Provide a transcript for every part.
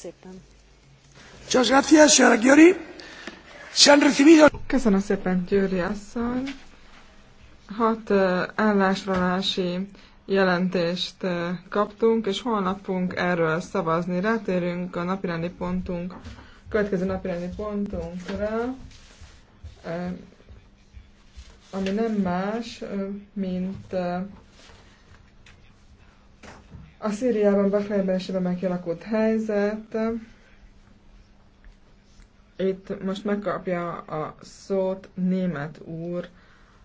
szépen. Köszönöm szépen, Győri asszony. Hat állásralási jelentést kaptunk, és holnap fogunk erről szavazni. Rátérünk a napirendi pontunk, következő napirendi pontunkra, ami nem más, mint a Szíriában befejezetesen megkialakult helyzet. Itt most megkapja a szót német úr,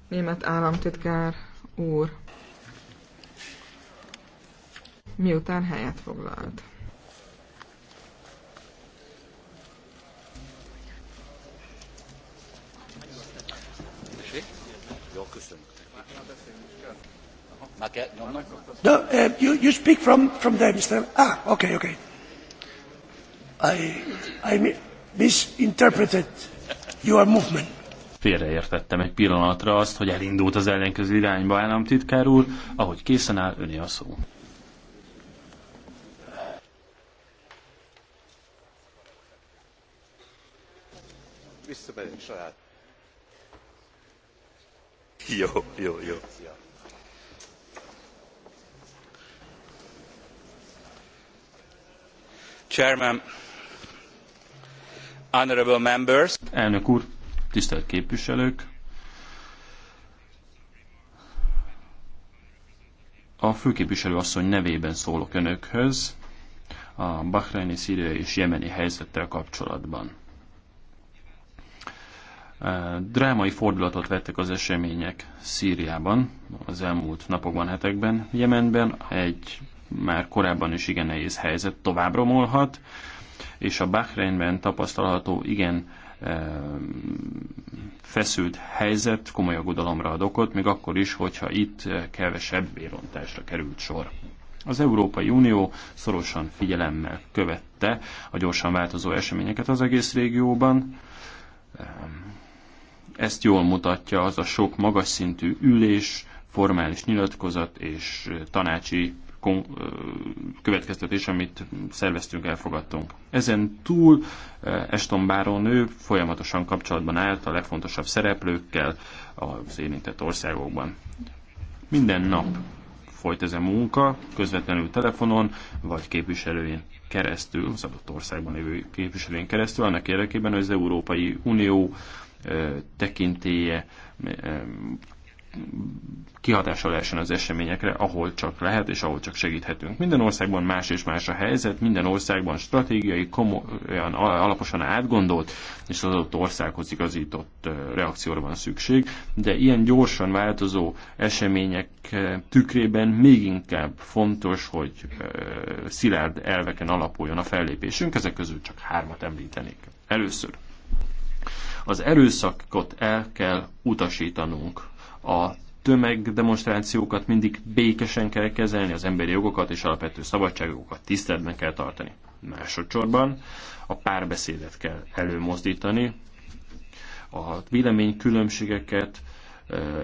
német államtitkár úr, miután helyet foglalt. no, uh, you, you speak from, from there, Mr. Ah, okay, okay. I, I misinterpreted your movement. Félreértettem egy pillanatra azt, hogy elindult az ellenkező irányba, államtitkár úr. Ahogy készen áll, öné a szó. Visszamegyünk saját. Jó, jó, jó. Elnök úr, tisztelt képviselők! A főképviselő asszony nevében szólok önökhöz a bahreini, szíriai és jemeni helyzettel kapcsolatban. Drámai fordulatot vettek az események Szíriában az elmúlt napokban, hetekben. Jemenben egy már korábban is igen nehéz helyzet tovább romolhat, és a Bahreinben tapasztalható igen feszült helyzet komoly aggodalomra ad okot, még akkor is, hogyha itt eh, kevesebb vérontásra került sor. Az Európai Unió szorosan figyelemmel követte a gyorsan változó eseményeket az egész régióban. Ezt jól mutatja az a sok magas szintű ülés, formális nyilatkozat és eh, tanácsi következtetés, amit szerveztünk, elfogadtunk. Ezen túl Eston Báron ő folyamatosan kapcsolatban állt a legfontosabb szereplőkkel az érintett országokban. Minden nap folyt ez a munka, közvetlenül telefonon, vagy képviselőjén keresztül, az adott országban lévő képviselőjén keresztül, annak érdekében, hogy az Európai Unió tekintéje kihatással lehessen az eseményekre, ahol csak lehet és ahol csak segíthetünk. Minden országban más és más a helyzet, minden országban stratégiai, komolyan, alaposan átgondolt és az adott országhoz igazított reakcióra van szükség, de ilyen gyorsan változó események tükrében még inkább fontos, hogy szilárd elveken alapuljon a fellépésünk, ezek közül csak hármat említenék. Először az erőszakot el kell utasítanunk a tömegdemonstrációkat mindig békesen kell kezelni, az emberi jogokat és alapvető szabadságokat tiszteletben kell tartani. Másodszorban a párbeszédet kell előmozdítani, a véleménykülönbségeket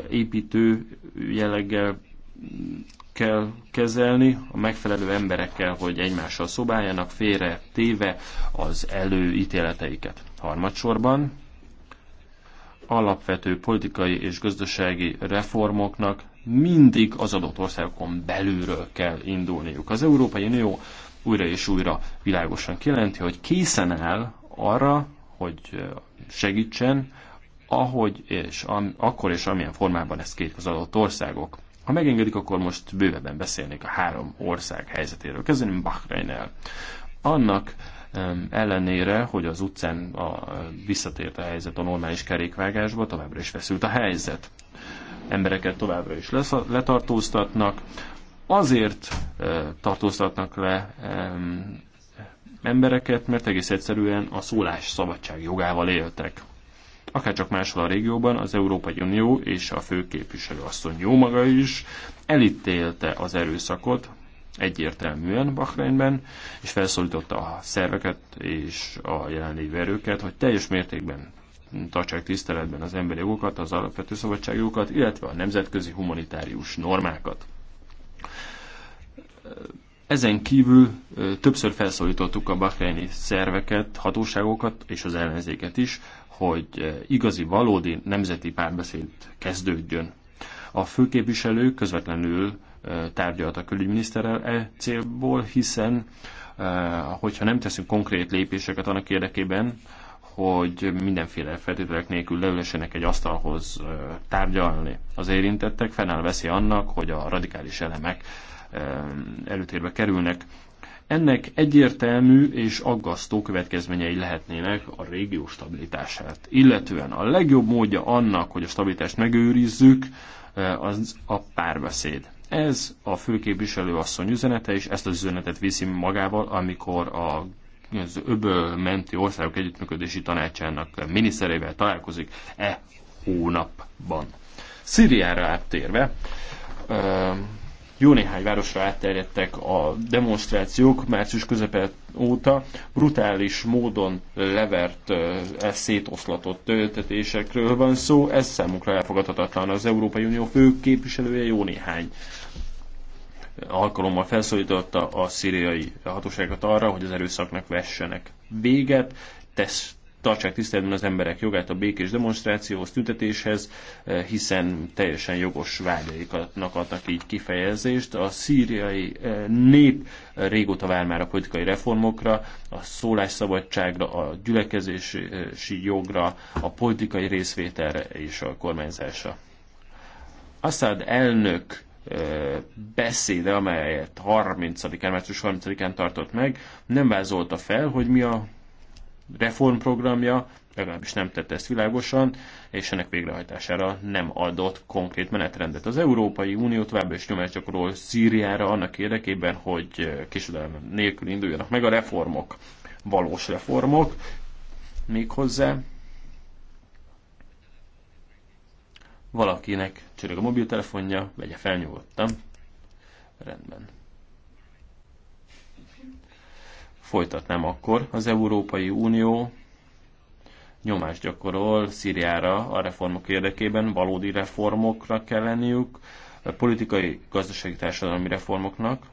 építő jelleggel kell kezelni, a megfelelő emberekkel, hogy egymással szobáljanak, félre téve az előítéleteiket. Harmadsorban alapvető politikai és gazdasági reformoknak mindig az adott országokon belülről kell indulniuk. Az Európai Unió újra és újra világosan kijelenti, hogy készen áll arra, hogy segítsen, ahogy és am, akkor és amilyen formában ezt kérik az adott országok. Ha megengedik, akkor most bővebben beszélnék a három ország helyzetéről. Kezdeném Bahreinnel. Annak ellenére, hogy az utcán a, visszatért a helyzet a normális kerékvágásba, továbbra is feszült a helyzet. Embereket továbbra is lesz, letartóztatnak, azért e, tartóztatnak le embereket, mert egész egyszerűen a szólás szabadság jogával éltek. csak máshol a régióban, az Európai Unió és a főképviselő asszony jó maga is elítélte az erőszakot, egyértelműen Bahreinben, és felszólította a szerveket és a jelenlévő erőket, hogy teljes mértékben tartsák tiszteletben az emberi jogokat, az alapvető szabadságjogokat, illetve a nemzetközi humanitárius normákat. Ezen kívül többször felszólítottuk a bahreini szerveket, hatóságokat és az ellenzéket is, hogy igazi, valódi nemzeti párbeszéd kezdődjön. A főképviselő közvetlenül tárgyalt a külügyminiszterrel e célból, hiszen hogyha nem teszünk konkrét lépéseket annak érdekében, hogy mindenféle feltételek nélkül leülessenek egy asztalhoz tárgyalni az érintettek, fennáll veszi annak, hogy a radikális elemek előtérbe kerülnek. Ennek egyértelmű és aggasztó következményei lehetnének a régió stabilitását. Illetően a legjobb módja annak, hogy a stabilitást megőrizzük, az a párbeszéd. Ez a főképviselő asszony üzenete, és ezt az üzenetet viszi magával, amikor a az öböl menti országok együttműködési tanácsának miniszterével találkozik e hónapban. Szíriára áttérve, jó néhány városra átterjedtek a demonstrációk március közepet óta brutális módon levert, e szétoszlatott töltetésekről van szó. Ez számukra elfogadhatatlan. Az Európai Unió fő képviselője jó néhány alkalommal felszólította a szíriai hatóságokat arra, hogy az erőszaknak vessenek véget, tesz tartsák tiszteletben az emberek jogát a békés demonstrációhoz, tüntetéshez, eh, hiszen teljesen jogos vágyaiknak adnak így kifejezést. A szíriai eh, nép régóta vár már a politikai reformokra, a szólásszabadságra, a gyülekezési jogra, a politikai részvételre és a kormányzásra. Assad elnök eh, beszéde, amelyet 30 március 30-án tartott meg, nem vázolta fel, hogy mi a reformprogramja, legalábbis nem tette ezt világosan, és ennek végrehajtására nem adott konkrét menetrendet. Az Európai Unió továbbra is nyomás gyakorol Szíriára annak érdekében, hogy kisodalom nélkül induljanak meg a reformok, valós reformok, méghozzá valakinek csörög a mobiltelefonja, vegye fel nyugodtan. Rendben. folytatnám akkor. Az Európai Unió nyomást gyakorol Szíriára a reformok érdekében, valódi reformokra kell lenniük, politikai, gazdasági, társadalmi reformoknak,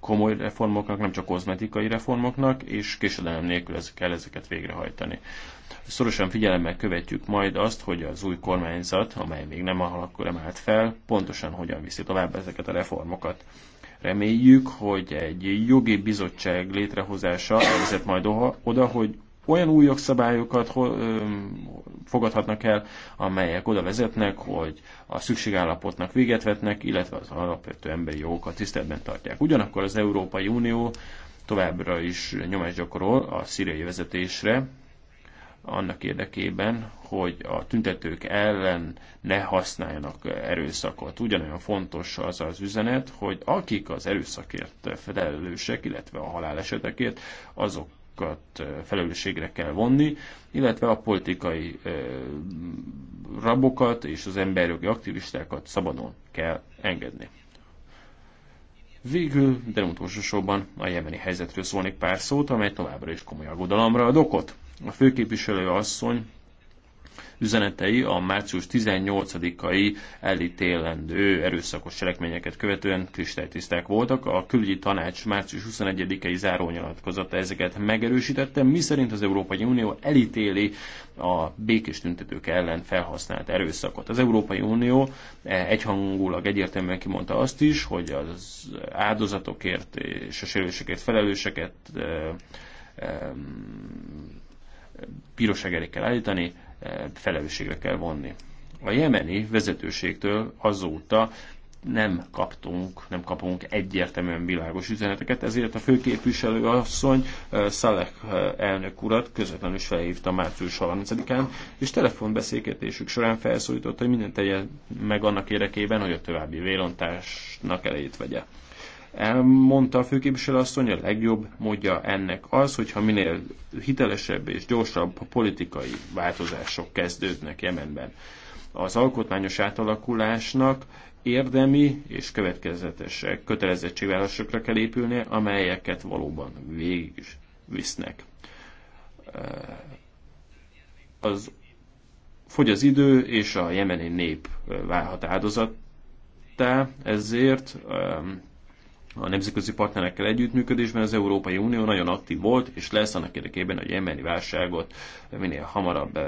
komoly reformoknak, nem csak kozmetikai reformoknak, és késedelem nélkül ezek kell ezeket végrehajtani. Szorosan figyelemmel követjük majd azt, hogy az új kormányzat, amely még nem akkor emelt fel, pontosan hogyan viszi tovább ezeket a reformokat. Reméljük, hogy egy jogi bizottság létrehozása vezet majd oda, hogy olyan új jogszabályokat fogadhatnak el, amelyek oda vezetnek, hogy a szükségállapotnak véget vetnek, illetve az alapvető emberi jogokat tiszteletben tartják. Ugyanakkor az Európai Unió továbbra is nyomást gyakorol a szíriai vezetésre, annak érdekében, hogy a tüntetők ellen ne használjanak erőszakot. Ugyanolyan fontos az az üzenet, hogy akik az erőszakért felelősek, illetve a halálesetekért, azok felelősségre kell vonni, illetve a politikai rabokat és az emberjogi aktivistákat szabadon kell engedni. Végül, de nem utolsó a jemeni helyzetről szólnék pár szót, amely továbbra is komoly aggodalomra ad okot. A főképviselő asszony üzenetei a március 18-ai elítélendő erőszakos cselekményeket követően kristálytiszták voltak. A külügyi tanács március 21-i zárónyalatkozata ezeket megerősítette, miszerint az Európai Unió elítéli a békés tüntetők ellen felhasznált erőszakot. Az Európai Unió e, egyhangulag egyértelműen kimondta azt is, hogy az áldozatokért és a sérüléseket felelőseket e, e, piros kell állítani, eh, felelősségre kell vonni. A jemeni vezetőségtől azóta nem kaptunk, nem kapunk egyértelműen világos üzeneteket, ezért a főképviselő asszony eh, Szalek eh, elnök urat közvetlenül is felhívta március 30-án, és telefonbeszélgetésük során felszólította, hogy mindent tegye meg annak érdekében, hogy a további vélontásnak elejét vegye. Elmondta a főképviselő hogy a legjobb módja ennek az, hogyha minél hitelesebb és gyorsabb politikai változások kezdődnek Jemenben. Az alkotmányos átalakulásnak érdemi és következetes kötelezettségvállalásokra kell épülnie, amelyeket valóban végig is visznek. Az fogy az idő, és a jemeni nép válhat áldozattá, ezért um, a nemzetközi partnerekkel együttműködésben az Európai Unió nagyon aktív volt, és lesz annak érdekében, hogy emberi válságot minél hamarabb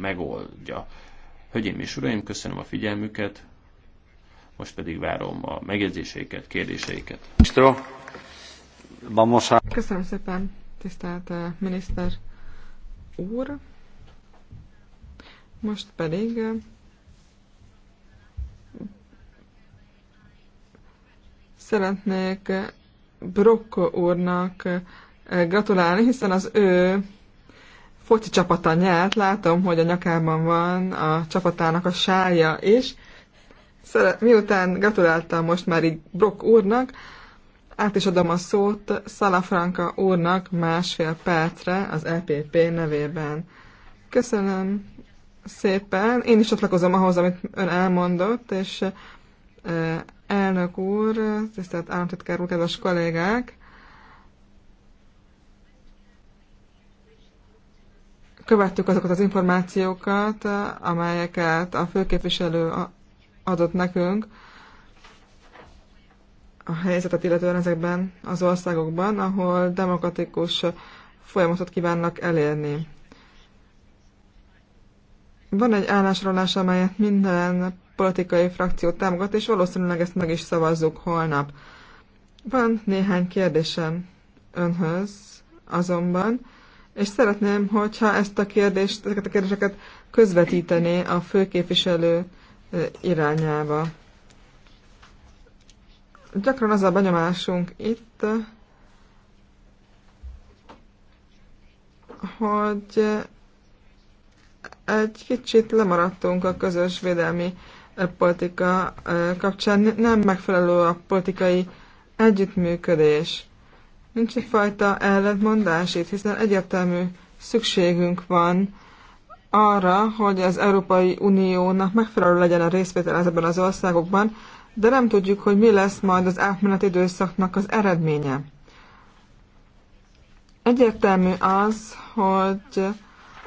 megoldja. Hölgyeim és uraim, köszönöm a figyelmüket, most pedig várom a megjegyzéseiket, kérdéseiket. Köszönöm szépen, tisztelt miniszter úr. Most pedig Szeretnék Brokko úrnak eh, gratulálni, hiszen az ő foci csapata nyert, látom, hogy a nyakában van a csapatának a sája is. Szeret, miután gratuláltam most már így Brock úrnak, át is adom a szót Szalafranka úrnak másfél percre az EPP nevében. Köszönöm szépen. Én is csatlakozom ahhoz, amit ön elmondott, és eh, Elnök úr, tisztelt államtitkár úr, kedves kollégák! Követtük azokat az információkat, amelyeket a főképviselő adott nekünk a helyzetet illetően ezekben az országokban, ahol demokratikus folyamatot kívánnak elérni. Van egy állásrólás, amelyet minden politikai frakció támogat, és valószínűleg ezt meg is szavazzuk holnap. Van néhány kérdésem önhöz azonban, és szeretném, hogyha ezt a kérdést, ezeket a kérdéseket közvetítené a főképviselő eh, irányába. Gyakran az a benyomásunk itt, hogy egy kicsit lemaradtunk a közös védelmi E, politika e, kapcsán nem megfelelő a politikai együttműködés. Nincs egyfajta ellentmondás itt, hiszen egyértelmű szükségünk van arra, hogy az Európai Uniónak megfelelő legyen a részvétel ezekben az országokban, de nem tudjuk, hogy mi lesz majd az átmeneti időszaknak az eredménye. Egyértelmű az, hogy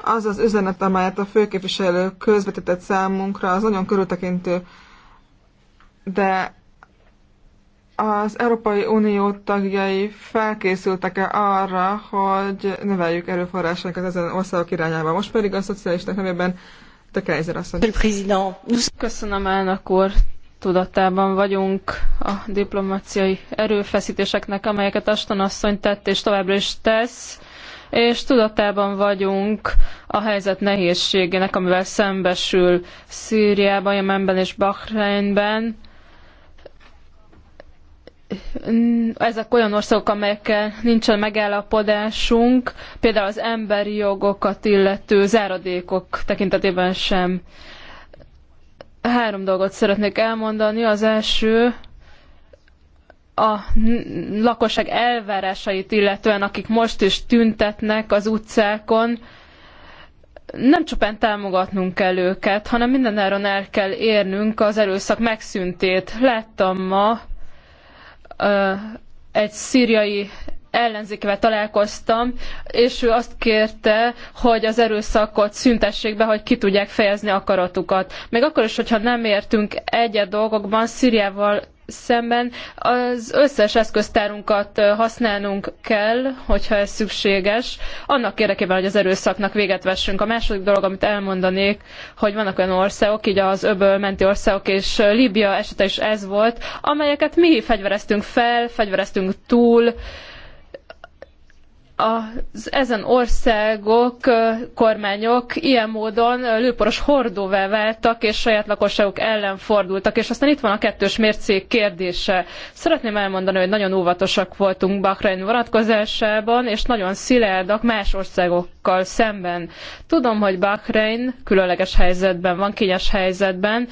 az az üzenet, amelyet a főképviselő közvetített számunkra, az nagyon körültekintő, de az Európai Unió tagjai felkészültek-e arra, hogy növeljük erőforrásainkat ezen országok irányába. Most pedig a szocialisták nevében de Kaiser asszony. Köszönöm elnök úr, tudatában vagyunk a diplomáciai erőfeszítéseknek, amelyeket Aston asszony tett és továbbra is tesz és tudatában vagyunk a helyzet nehézségének, amivel szembesül Szíriában, Jemenben és Bahreinben. Ezek olyan országok, amelyekkel nincsen megállapodásunk, például az emberi jogokat illető záradékok tekintetében sem. Három dolgot szeretnék elmondani. Az első, a lakosság elvárásait illetően, akik most is tüntetnek az utcákon, nem csupán támogatnunk kell őket, hanem mindenáron el kell érnünk az erőszak megszüntét. Láttam ma egy szíriai ellenzékével találkoztam, és ő azt kérte, hogy az erőszakot szüntessék be, hogy ki tudják fejezni akaratukat. Még akkor is, hogyha nem értünk egyet dolgokban, Szíriával szemben az összes eszköztárunkat használnunk kell, hogyha ez szükséges, annak érdekében, hogy az erőszaknak véget vessünk. A második dolog, amit elmondanék, hogy vannak olyan országok, így az öböl menti országok, és Líbia esete is ez volt, amelyeket mi fegyvereztünk fel, fegyvereztünk túl, az ezen országok, kormányok ilyen módon lőporos hordóvá váltak, és saját lakosságuk ellen fordultak. És aztán itt van a kettős mércék kérdése. Szeretném elmondani, hogy nagyon óvatosak voltunk Bahrein vonatkozásában, és nagyon szilárdak más országokkal szemben. Tudom, hogy Bahrein különleges helyzetben van, kényes helyzetben,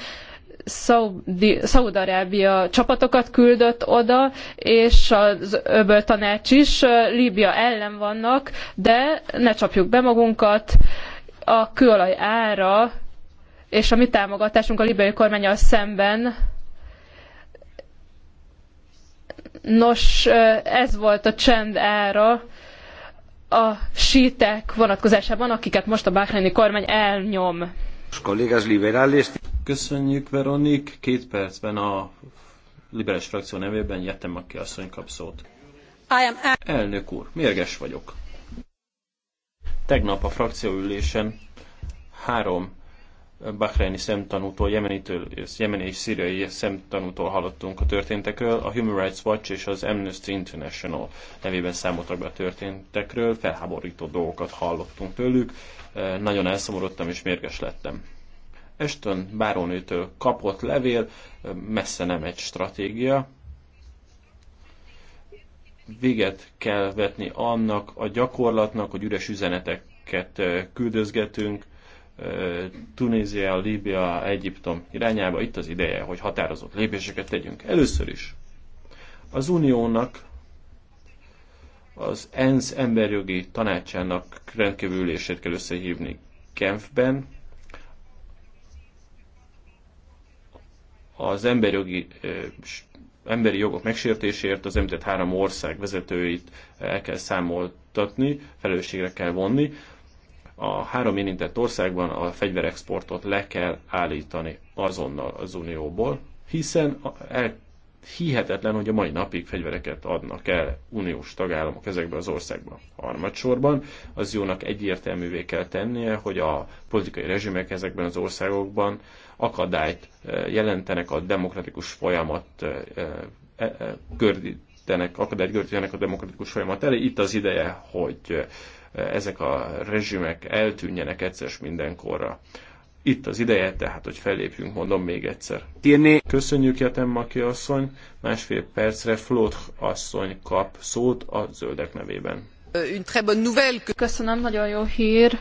Szaúd-Arábia csapatokat küldött oda, és az öböl tanács is Líbia ellen vannak, de ne csapjuk be magunkat, a kőolaj ára és a mi támogatásunk a libiai kormányal szemben Nos, ez volt a csend ára a sítek vonatkozásában, akiket most a bahreini kormány elnyom. Köszönjük, Veronik. Két percben a liberális frakció nevében Jettem aki asszony kap szót. Elnök úr, mérges vagyok. Tegnap a frakcióülésen három bahreini szemtanútól, jemenitől, jemeni és szíriai szemtanútól hallottunk a történtekről. A Human Rights Watch és az Amnesty International nevében számoltak be a történtekről, felháborító dolgokat hallottunk tőlük. Nagyon elszomorodtam és mérges lettem. Ashton bárónőtől kapott levél messze nem egy stratégia. Véget kell vetni annak a gyakorlatnak, hogy üres üzeneteket küldözgetünk Tunézia, Líbia, Egyiptom irányába. Itt az ideje, hogy határozott lépéseket tegyünk. Először is az uniónak az ENSZ emberjogi tanácsának rendkívülését kell összehívni Genfben, az jogi, emberi jogok megsértéséért az említett három ország vezetőit el kell számoltatni, felelősségre kell vonni. A három érintett országban a fegyverexportot le kell állítani azonnal az Unióból, hiszen el, hihetetlen, hogy a mai napig fegyvereket adnak el uniós tagállamok ezekben az országban. Harmadsorban az jónak egyértelművé kell tennie, hogy a politikai rezsimek ezekben az országokban akadályt jelentenek a demokratikus folyamat e, e, gördítenek, akadályt gördítenek a demokratikus folyamat elé. Itt az ideje, hogy ezek a rezsimek eltűnjenek egyszer mindenkorra. Itt az ideje, tehát, hogy fellépjünk, mondom még egyszer. Tírni. Köszönjük, Jatem Maki asszony. Másfél percre Flót asszony kap szót a zöldek nevében. Une très bonne nouvelle. Köszönöm, nagyon jó hír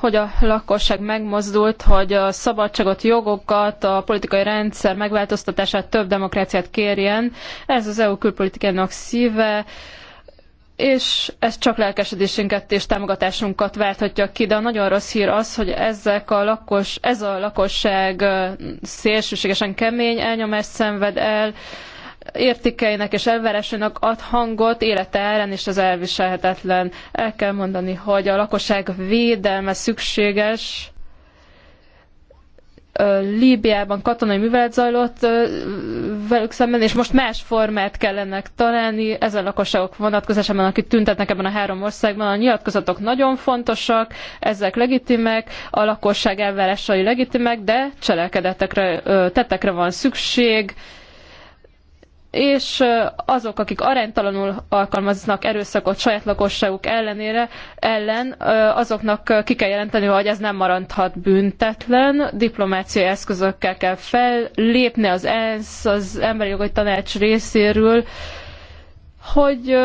hogy a lakosság megmozdult, hogy a szabadságot, jogokat, a politikai rendszer megváltoztatását, több demokráciát kérjen. Ez az EU külpolitikának szíve és ez csak lelkesedésünket és támogatásunkat válthatja ki, de a nagyon rossz hír az, hogy ezek a lakos, ez a lakosság szélsőségesen kemény elnyomást szenved el, értékeinek és elvárásainak ad hangot élete ellen, és ez elviselhetetlen. El kell mondani, hogy a lakosság védelme szükséges, Líbiában katonai művelet zajlott velük szemben, és most más formát kellene találni ezen lakosságok vonatkozásában, akik tüntetnek ebben a három országban. A nyilatkozatok nagyon fontosak, ezek legitimek, a lakosság elvárásai legitimek, de cselekedetekre, tettekre van szükség, és azok, akik aránytalanul alkalmaznak erőszakot saját lakosságuk ellenére, ellen azoknak ki kell jelenteni, hogy ez nem maradhat büntetlen, diplomáciai eszközökkel kell fellépni az ENSZ, az Emberi Jogi Tanács részéről, hogy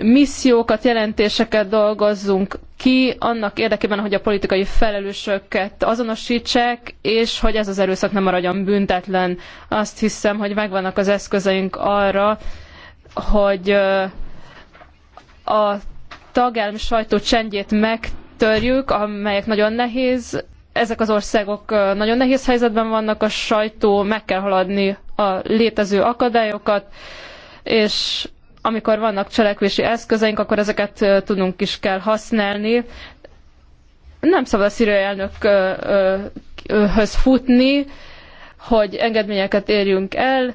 missziókat, jelentéseket dolgozzunk ki annak érdekében, hogy a politikai felelősöket azonosítsák, és hogy ez az erőszak nem maradjon büntetlen. Azt hiszem, hogy megvannak az eszközeink arra, hogy a tagállami sajtó csendjét megtörjük, amelyek nagyon nehéz. Ezek az országok nagyon nehéz helyzetben vannak, a sajtó meg kell haladni a létező akadályokat, és amikor vannak cselekvési eszközeink, akkor ezeket tudnunk is kell használni. Nem szabad a szíriai elnökhöz futni, hogy engedményeket érjünk el,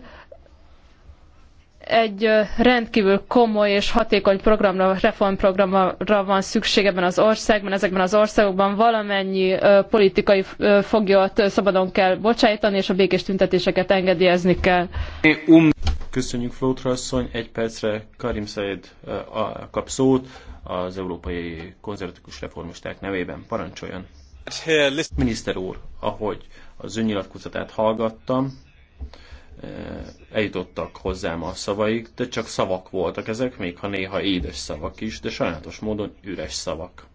egy rendkívül komoly és hatékony programra, reformprogramra van szükség ebben az országban, ezekben az országokban valamennyi politikai foglyot szabadon kell bocsájtani, és a békés tüntetéseket engedélyezni kell. Köszönjük Flótra asszony. Egy percre Karim Said kap szót az Európai Konzervatikus Reformisták nevében. Parancsoljon. Miniszter úr, ahogy az önnyilatkozatát hallgattam, eljutottak hozzám a szavaik, de csak szavak voltak ezek, még ha néha édes szavak is, de sajnálatos módon üres szavak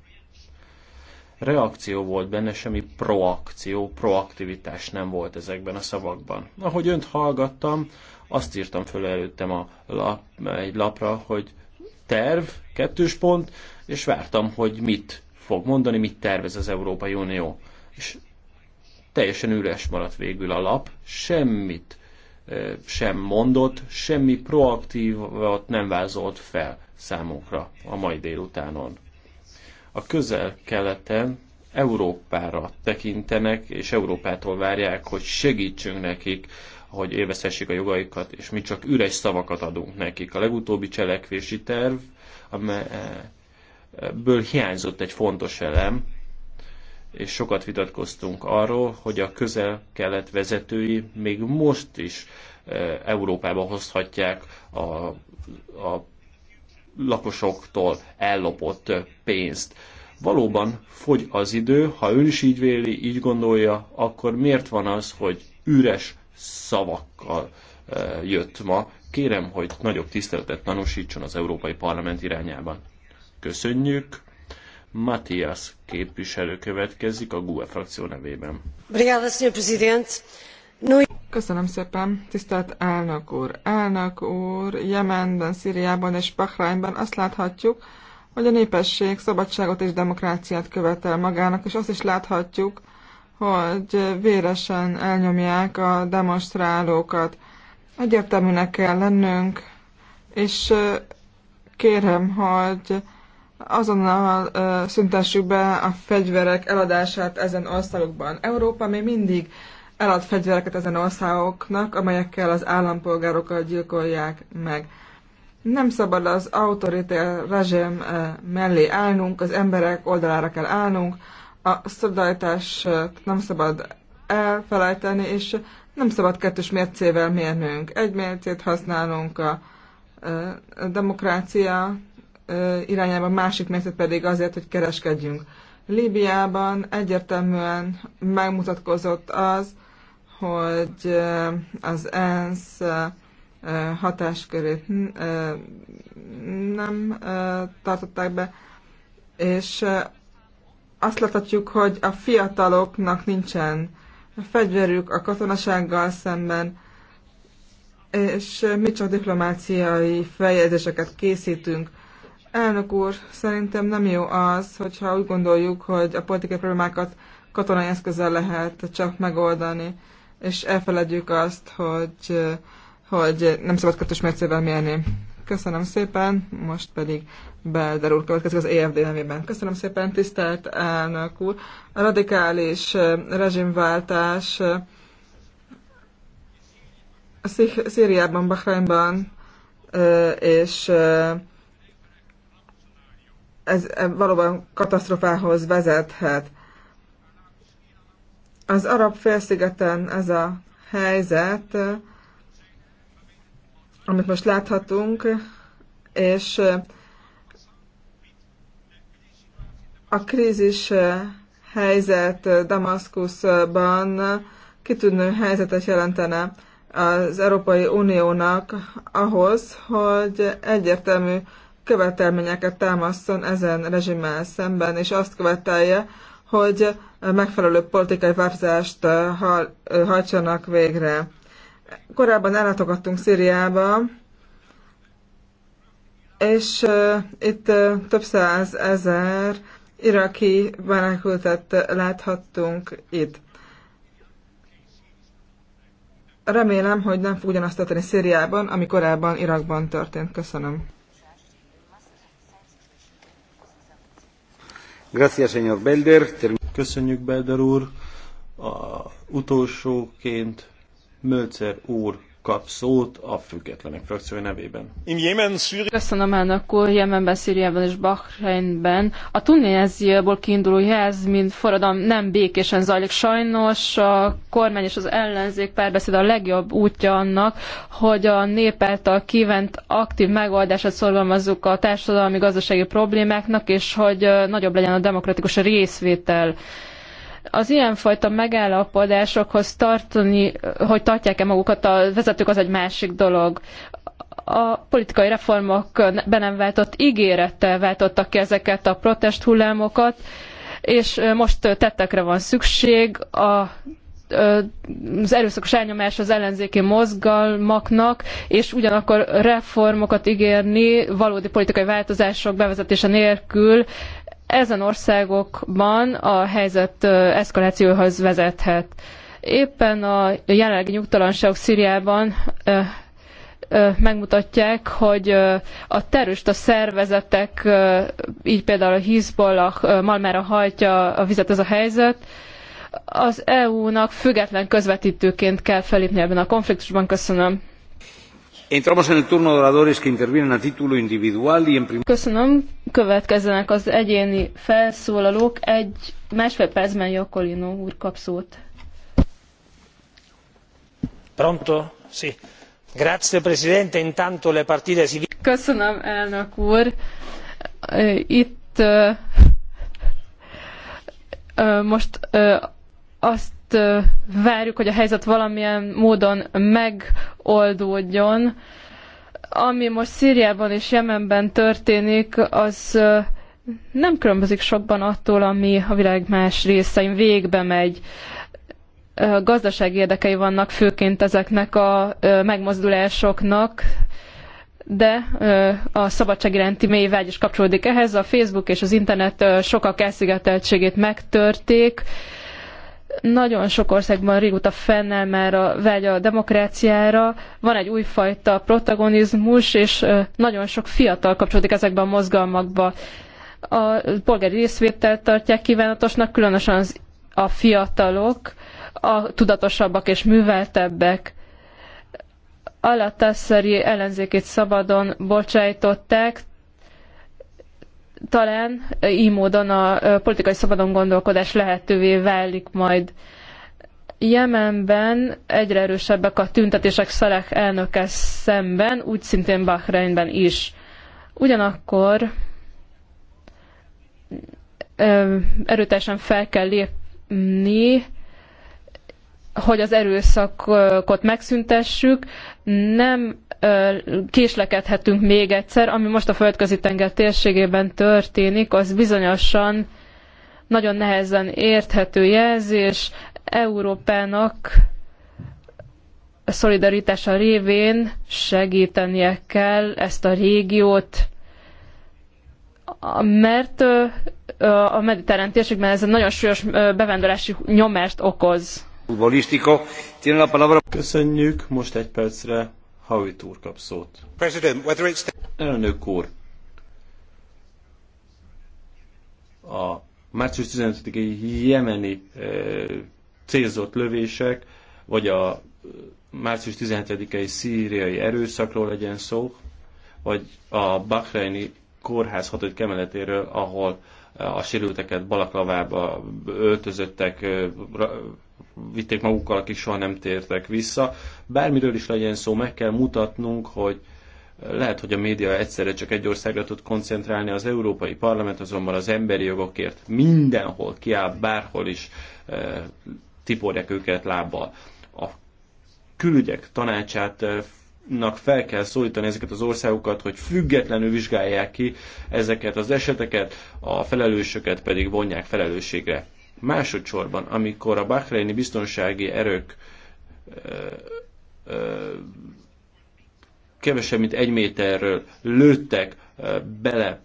reakció volt benne, semmi proakció, proaktivitás nem volt ezekben a szavakban. Ahogy önt hallgattam, azt írtam föl előttem a lap, egy lapra, hogy terv, kettős pont, és vártam, hogy mit fog mondani, mit tervez az Európai Unió. És teljesen üres maradt végül a lap, semmit sem mondott, semmi proaktívat nem vázolt fel számunkra a mai délutánon a közel-keleten Európára tekintenek, és Európától várják, hogy segítsünk nekik, hogy élvezhessék a jogaikat, és mi csak üres szavakat adunk nekik. A legutóbbi cselekvési terv, amelyből hiányzott egy fontos elem, és sokat vitatkoztunk arról, hogy a közel-kelet vezetői még most is eh, Európába hozhatják a, a lakosoktól ellopott pénzt. Valóban fogy az idő, ha ő is így véli, így gondolja, akkor miért van az, hogy üres szavakkal e, jött ma? Kérem, hogy nagyobb tiszteletet tanúsítson az Európai Parlament irányában. Köszönjük! Matthias képviselő következik a GUE frakció nevében. Obrigada, Sr. Köszönöm szépen, tisztelt elnök úr. Elnök úr, Jemenben, Szíriában és Bahreinben azt láthatjuk, hogy a népesség szabadságot és demokráciát követel magának, és azt is láthatjuk, hogy véresen elnyomják a demonstrálókat. Egyértelműnek kell lennünk, és kérem, hogy azonnal szüntessük be a fegyverek eladását ezen országokban. Európa még mindig elad fegyvereket ezen országoknak, amelyekkel az állampolgárokat gyilkolják meg. Nem szabad az autoritér rezsém eh, mellé állnunk, az emberek oldalára kell állnunk, a szolidaritást nem szabad elfelejteni, és nem szabad kettős mércével mérnünk. Egy mércét használunk a, eh, demokrácia eh, irányába, másik mércét pedig azért, hogy kereskedjünk. Líbiában egyértelműen megmutatkozott az, hogy az ENSZ hatáskörét nem tartották be, és azt láthatjuk, hogy a fiataloknak nincsen fegyverük a katonasággal szemben, és mi csak diplomáciai feljegyzéseket készítünk. Elnök úr, szerintem nem jó az, hogyha úgy gondoljuk, hogy a politikai problémákat katonai eszközzel lehet csak megoldani és elfeledjük azt, hogy, hogy nem szabad kettős mércével mérni. Köszönöm szépen, most pedig Belder úr következik az EFD nevében. Köszönöm szépen, tisztelt elnök úr. A radikális rezsimváltás Szíriában, Bahreinban és ez valóban katasztrofához vezethet. Az arab félszigeten ez a helyzet, amit most láthatunk, és a krízis helyzet Damaszkuszban kitűnő helyzetet jelentene az Európai Uniónak ahhoz, hogy egyértelmű követelményeket támaszson ezen rezsimmel szemben, és azt követelje, hogy megfelelő politikai változást hajtsanak végre. Korábban ellátogattunk Szíriába, és itt több száz ezer iraki menekültet láthattunk itt. Remélem, hogy nem fog ugyanazt történni Szíriában, ami korábban Irakban történt. Köszönöm. Gracias, señor Belder. Köszönjük, Belder úr. A utolsóként Mölcer úr kap szót a függetlenek frakciói nevében. In Yemen, Szíri... Köszönöm elnök úr, Jemenben, Szíriában és Bahreinben. A Tunéziából kiinduló mint forradalom nem békésen zajlik. Sajnos a kormány és az ellenzék párbeszéd a legjobb útja annak, hogy a nép által kívánt aktív megoldását szorgalmazzuk a társadalmi gazdasági problémáknak, és hogy nagyobb legyen a demokratikus részvétel az ilyenfajta megállapodásokhoz tartani, hogy tartják-e magukat a vezetők, az egy másik dolog. A politikai reformok be nem váltott ígérettel váltottak ki ezeket a protest hullámokat, és most tettekre van szükség. A az erőszakos elnyomás az ellenzéki mozgalmaknak, és ugyanakkor reformokat ígérni valódi politikai változások bevezetése nélkül, ezen országokban a helyzet eszkalációhoz vezethet. Éppen a jelenlegi nyugtalanságok Szíriában megmutatják, hogy a terrorista szervezetek, így például a Hezbollah malmára hajtja a vizet ez a helyzet, az EU-nak független közvetítőként kell felépni ebben a konfliktusban. Köszönöm. Köszönöm. Következzenek az egyéni felszólalók. Egy másfél percben Jakolino úr kap szót. Pronto? Sí. Grazie, Presidente. Intanto le partite si... Köszönöm, elnök úr. Itt uh, uh, most azt várjuk, hogy a helyzet valamilyen módon megoldódjon. Ami most Szíriában és Jemenben történik, az nem különbözik sokban attól, ami a világ más részein végbe megy. Gazdasági érdekei vannak főként ezeknek a megmozdulásoknak, de a szabadság iránti mély vágy is kapcsolódik ehhez. A Facebook és az internet sokak elszigeteltségét megtörték, nagyon sok országban régóta fennáll már a vágy a demokráciára, van egy újfajta protagonizmus, és nagyon sok fiatal kapcsolódik ezekbe a mozgalmakba. A polgári részvételt tartják kívánatosnak, különösen az, a fiatalok, a tudatosabbak és műveltebbek. Alattasszari ellenzékét szabadon bocsájtották, talán e, így módon a e, politikai szabadon gondolkodás lehetővé válik majd. Jemenben egyre erősebbek a tüntetések Szalek elnöke szemben, úgy szintén Bahreinben is. Ugyanakkor e, erőteljesen fel kell lépni, hogy az erőszakot megszüntessük. Nem késlekedhetünk még egyszer. Ami most a földközi tenger térségében történik, az bizonyosan nagyon nehezen érthető jelzés. Európának szolidaritása révén segítenie kell ezt a régiót, mert a mediterrán térségben ez egy nagyon súlyos bevándorlási nyomást okoz. Köszönjük, most egy percre Howitt úr kap szót. Elnök úr, a március 15-i jemeni eh, célzott lövések, vagy a eh, március 17-i szíriai erőszakról legyen szó, vagy a Bahreini kórház hatodik emeletéről, ahol a sérülteket balaklavába öltözöttek, vitték magukkal, akik soha nem tértek vissza. Bármiről is legyen szó, meg kell mutatnunk, hogy lehet, hogy a média egyszerre csak egy országra tud koncentrálni, az Európai Parlament azonban az emberi jogokért mindenhol kiáll, bárhol is e, tiporják őket lábbal. A külügyek tanácsát nak fel kell szólítani ezeket az országokat, hogy függetlenül vizsgálják ki ezeket az eseteket, a felelősöket pedig vonják felelősségre. Másodszorban, amikor a bahreini biztonsági erők ö, ö, kevesebb mint egy méterről lőttek ö, bele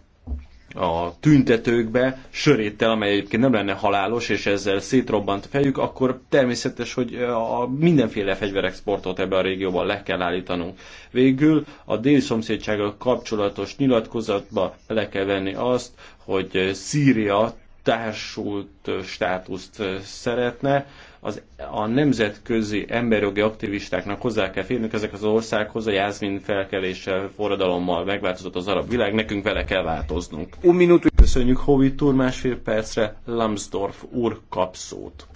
a tüntetőkbe söréttel, amely egyébként nem lenne halálos, és ezzel szétrobbant fejük, akkor természetes, hogy a mindenféle fegyverexportot ebbe a régióban le kell állítanunk. Végül a déli szomszédsággal kapcsolatos nyilatkozatba le kell venni azt, hogy Szíria társult státuszt szeretne, az, a nemzetközi emberjogi aktivistáknak hozzá kell férnünk ezek az országhoz, a Jászmin felkeléssel, forradalommal megváltozott az arab világ, nekünk vele kell változnunk. Un minut. Köszönjük Hovit úr, másfél percre Lambsdorff úr kap szót.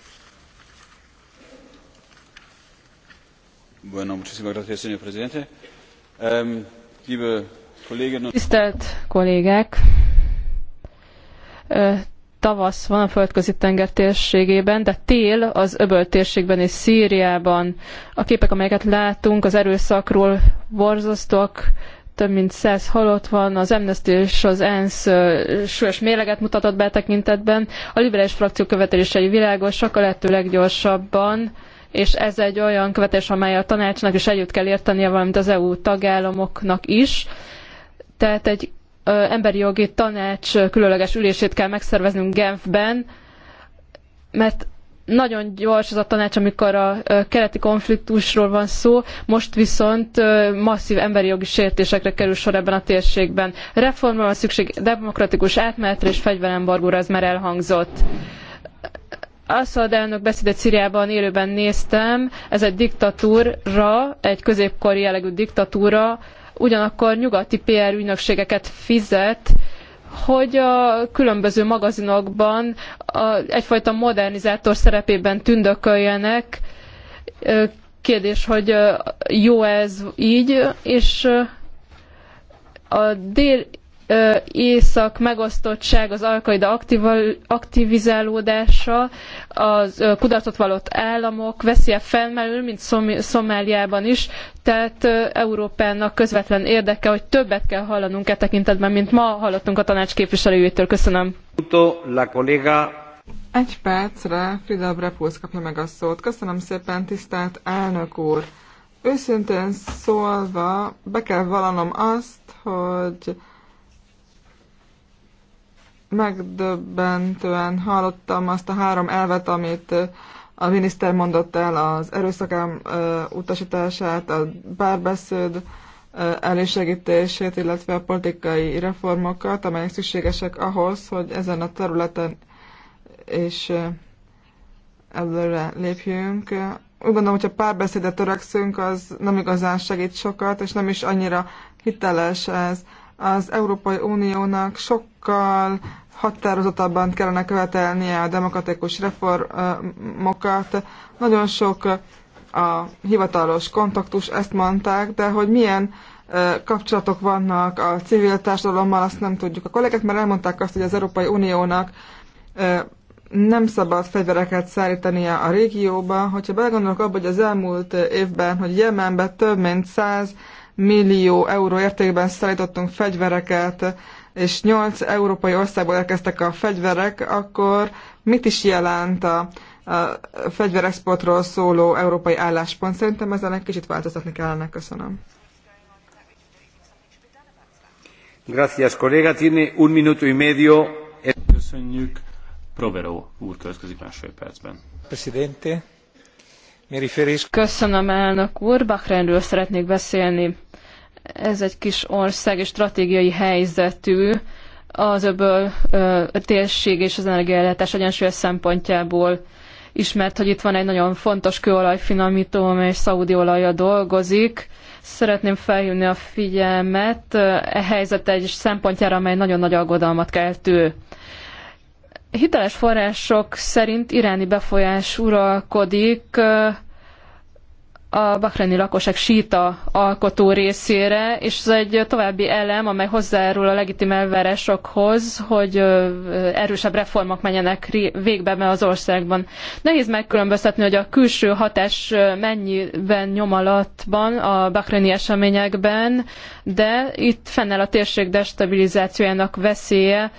Bueno, muchísimas gracias, señor presidente. Um, liebe Kolleginnen. Tisztelt kollégák! tavasz van a földközi tenger térségében, de tél az öböl térségben és Szíriában. A képek, amelyeket látunk az erőszakról borzasztóak, több mint száz halott van, az Amnesty és az ENSZ súlyos méleget mutatott be tekintetben. A liberális frakció követelései világosak, a lehető leggyorsabban és ez egy olyan követés, amely a tanácsnak is együtt kell értenie, valamint az EU tagállamoknak is. Tehát egy emberi jogi tanács különleges ülését kell megszerveznünk Genfben, mert nagyon gyors az a tanács, amikor a keleti konfliktusról van szó, most viszont masszív emberi jogi sértésekre kerül sor ebben a térségben. Reformra van szükség, demokratikus átmenetre és fegyverembargóra, ez már elhangzott. Assad elnök beszédet Szíriában élőben néztem, ez egy diktatúra, egy középkori jellegű diktatúra, ugyanakkor nyugati PR ügynökségeket fizet, hogy a különböző magazinokban a, egyfajta modernizátor szerepében tündököljenek. Kérdés, hogy jó ez így, és a dél észak megosztottság, az alkaida aktivizálódása, az kudarcot vallott államok veszélye felmerül, mint Szom- Szomáliában is, tehát Európának közvetlen érdeke, hogy többet kell hallanunk e tekintetben, mint ma hallottunk a tanács képviselőjétől. Köszönöm. Egy percre Frida Brepulsz kapja meg a szót. Köszönöm szépen, tisztelt elnök úr! Őszintén szólva be kell vallanom azt, hogy megdöbbentően hallottam azt a három elvet, amit a miniszter mondott el, az erőszakám utasítását, a párbeszéd elősegítését, illetve a politikai reformokat, amelyek szükségesek ahhoz, hogy ezen a területen és előre lépjünk. Úgy gondolom, hogyha párbeszédre törekszünk, az nem igazán segít sokat, és nem is annyira hiteles ez. Az Európai Uniónak sok sokkal határozottabban kellene követelnie a demokratikus reformokat. Nagyon sok a hivatalos kontaktus, ezt mondták, de hogy milyen kapcsolatok vannak a civil társadalommal, azt nem tudjuk. A kollégák már elmondták azt, hogy az Európai Uniónak nem szabad fegyvereket szállítania a régióba. Hogyha belegondolok abba, hogy az elmúlt évben, hogy Jemenbe több mint 100 millió euró értékben szállítottunk fegyvereket és nyolc európai országból érkeztek a fegyverek, akkor mit is jelent a, a fegyverexportról szóló európai álláspont? Szerintem ezen egy kicsit változtatni kellene. Köszönöm. Gracias, kollega. Tiene un minuto y medio. Köszönjük. Provero úr közközik másfél percben. Presidente. Köszönöm elnök úr, Bahreinről szeretnék beszélni. Ez egy kis ország és stratégiai helyzetű az öböl ö, térség és az energiállátás egyensúly szempontjából ismert, hogy itt van egy nagyon fontos kőolajfinomító, amely szaudi olajja dolgozik. Szeretném felhívni a figyelmet e helyzet egy szempontjára, amely nagyon nagy aggodalmat keltő. Hiteles források szerint iráni befolyás uralkodik a bakreni lakosság síta alkotó részére, és ez egy további elem, amely hozzájárul a legitim elvárásokhoz, hogy erősebb reformok menjenek végbe be az országban. Nehéz megkülönböztetni, hogy a külső hatás mennyiben nyom van a bakreni eseményekben, de itt fennáll a térség destabilizációjának veszélye,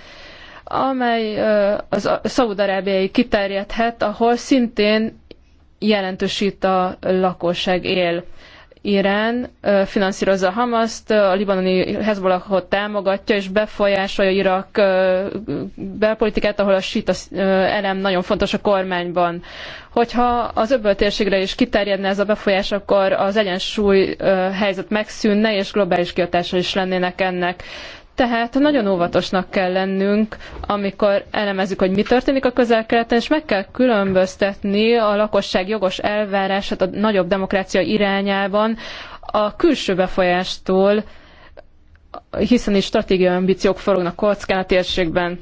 amely az szaudarábiai kiterjedhet, ahol szintén jelentős itt a lakosság él. Irán finanszírozza Hamaszt, a libanoni Hezbollahot támogatja és befolyásolja Irak belpolitikát, ahol a sita elem nagyon fontos a kormányban. Hogyha az öböl térségre is kiterjedne ez a befolyás, akkor az egyensúly helyzet megszűnne, és globális kiadása is lennének ennek. Tehát nagyon óvatosnak kell lennünk, amikor elemezzük, hogy mi történik a közel-keleten, és meg kell különböztetni a lakosság jogos elvárását a nagyobb demokrácia irányában a külső befolyástól, hiszen is stratégiai ambíciók forognak kockán a térségben.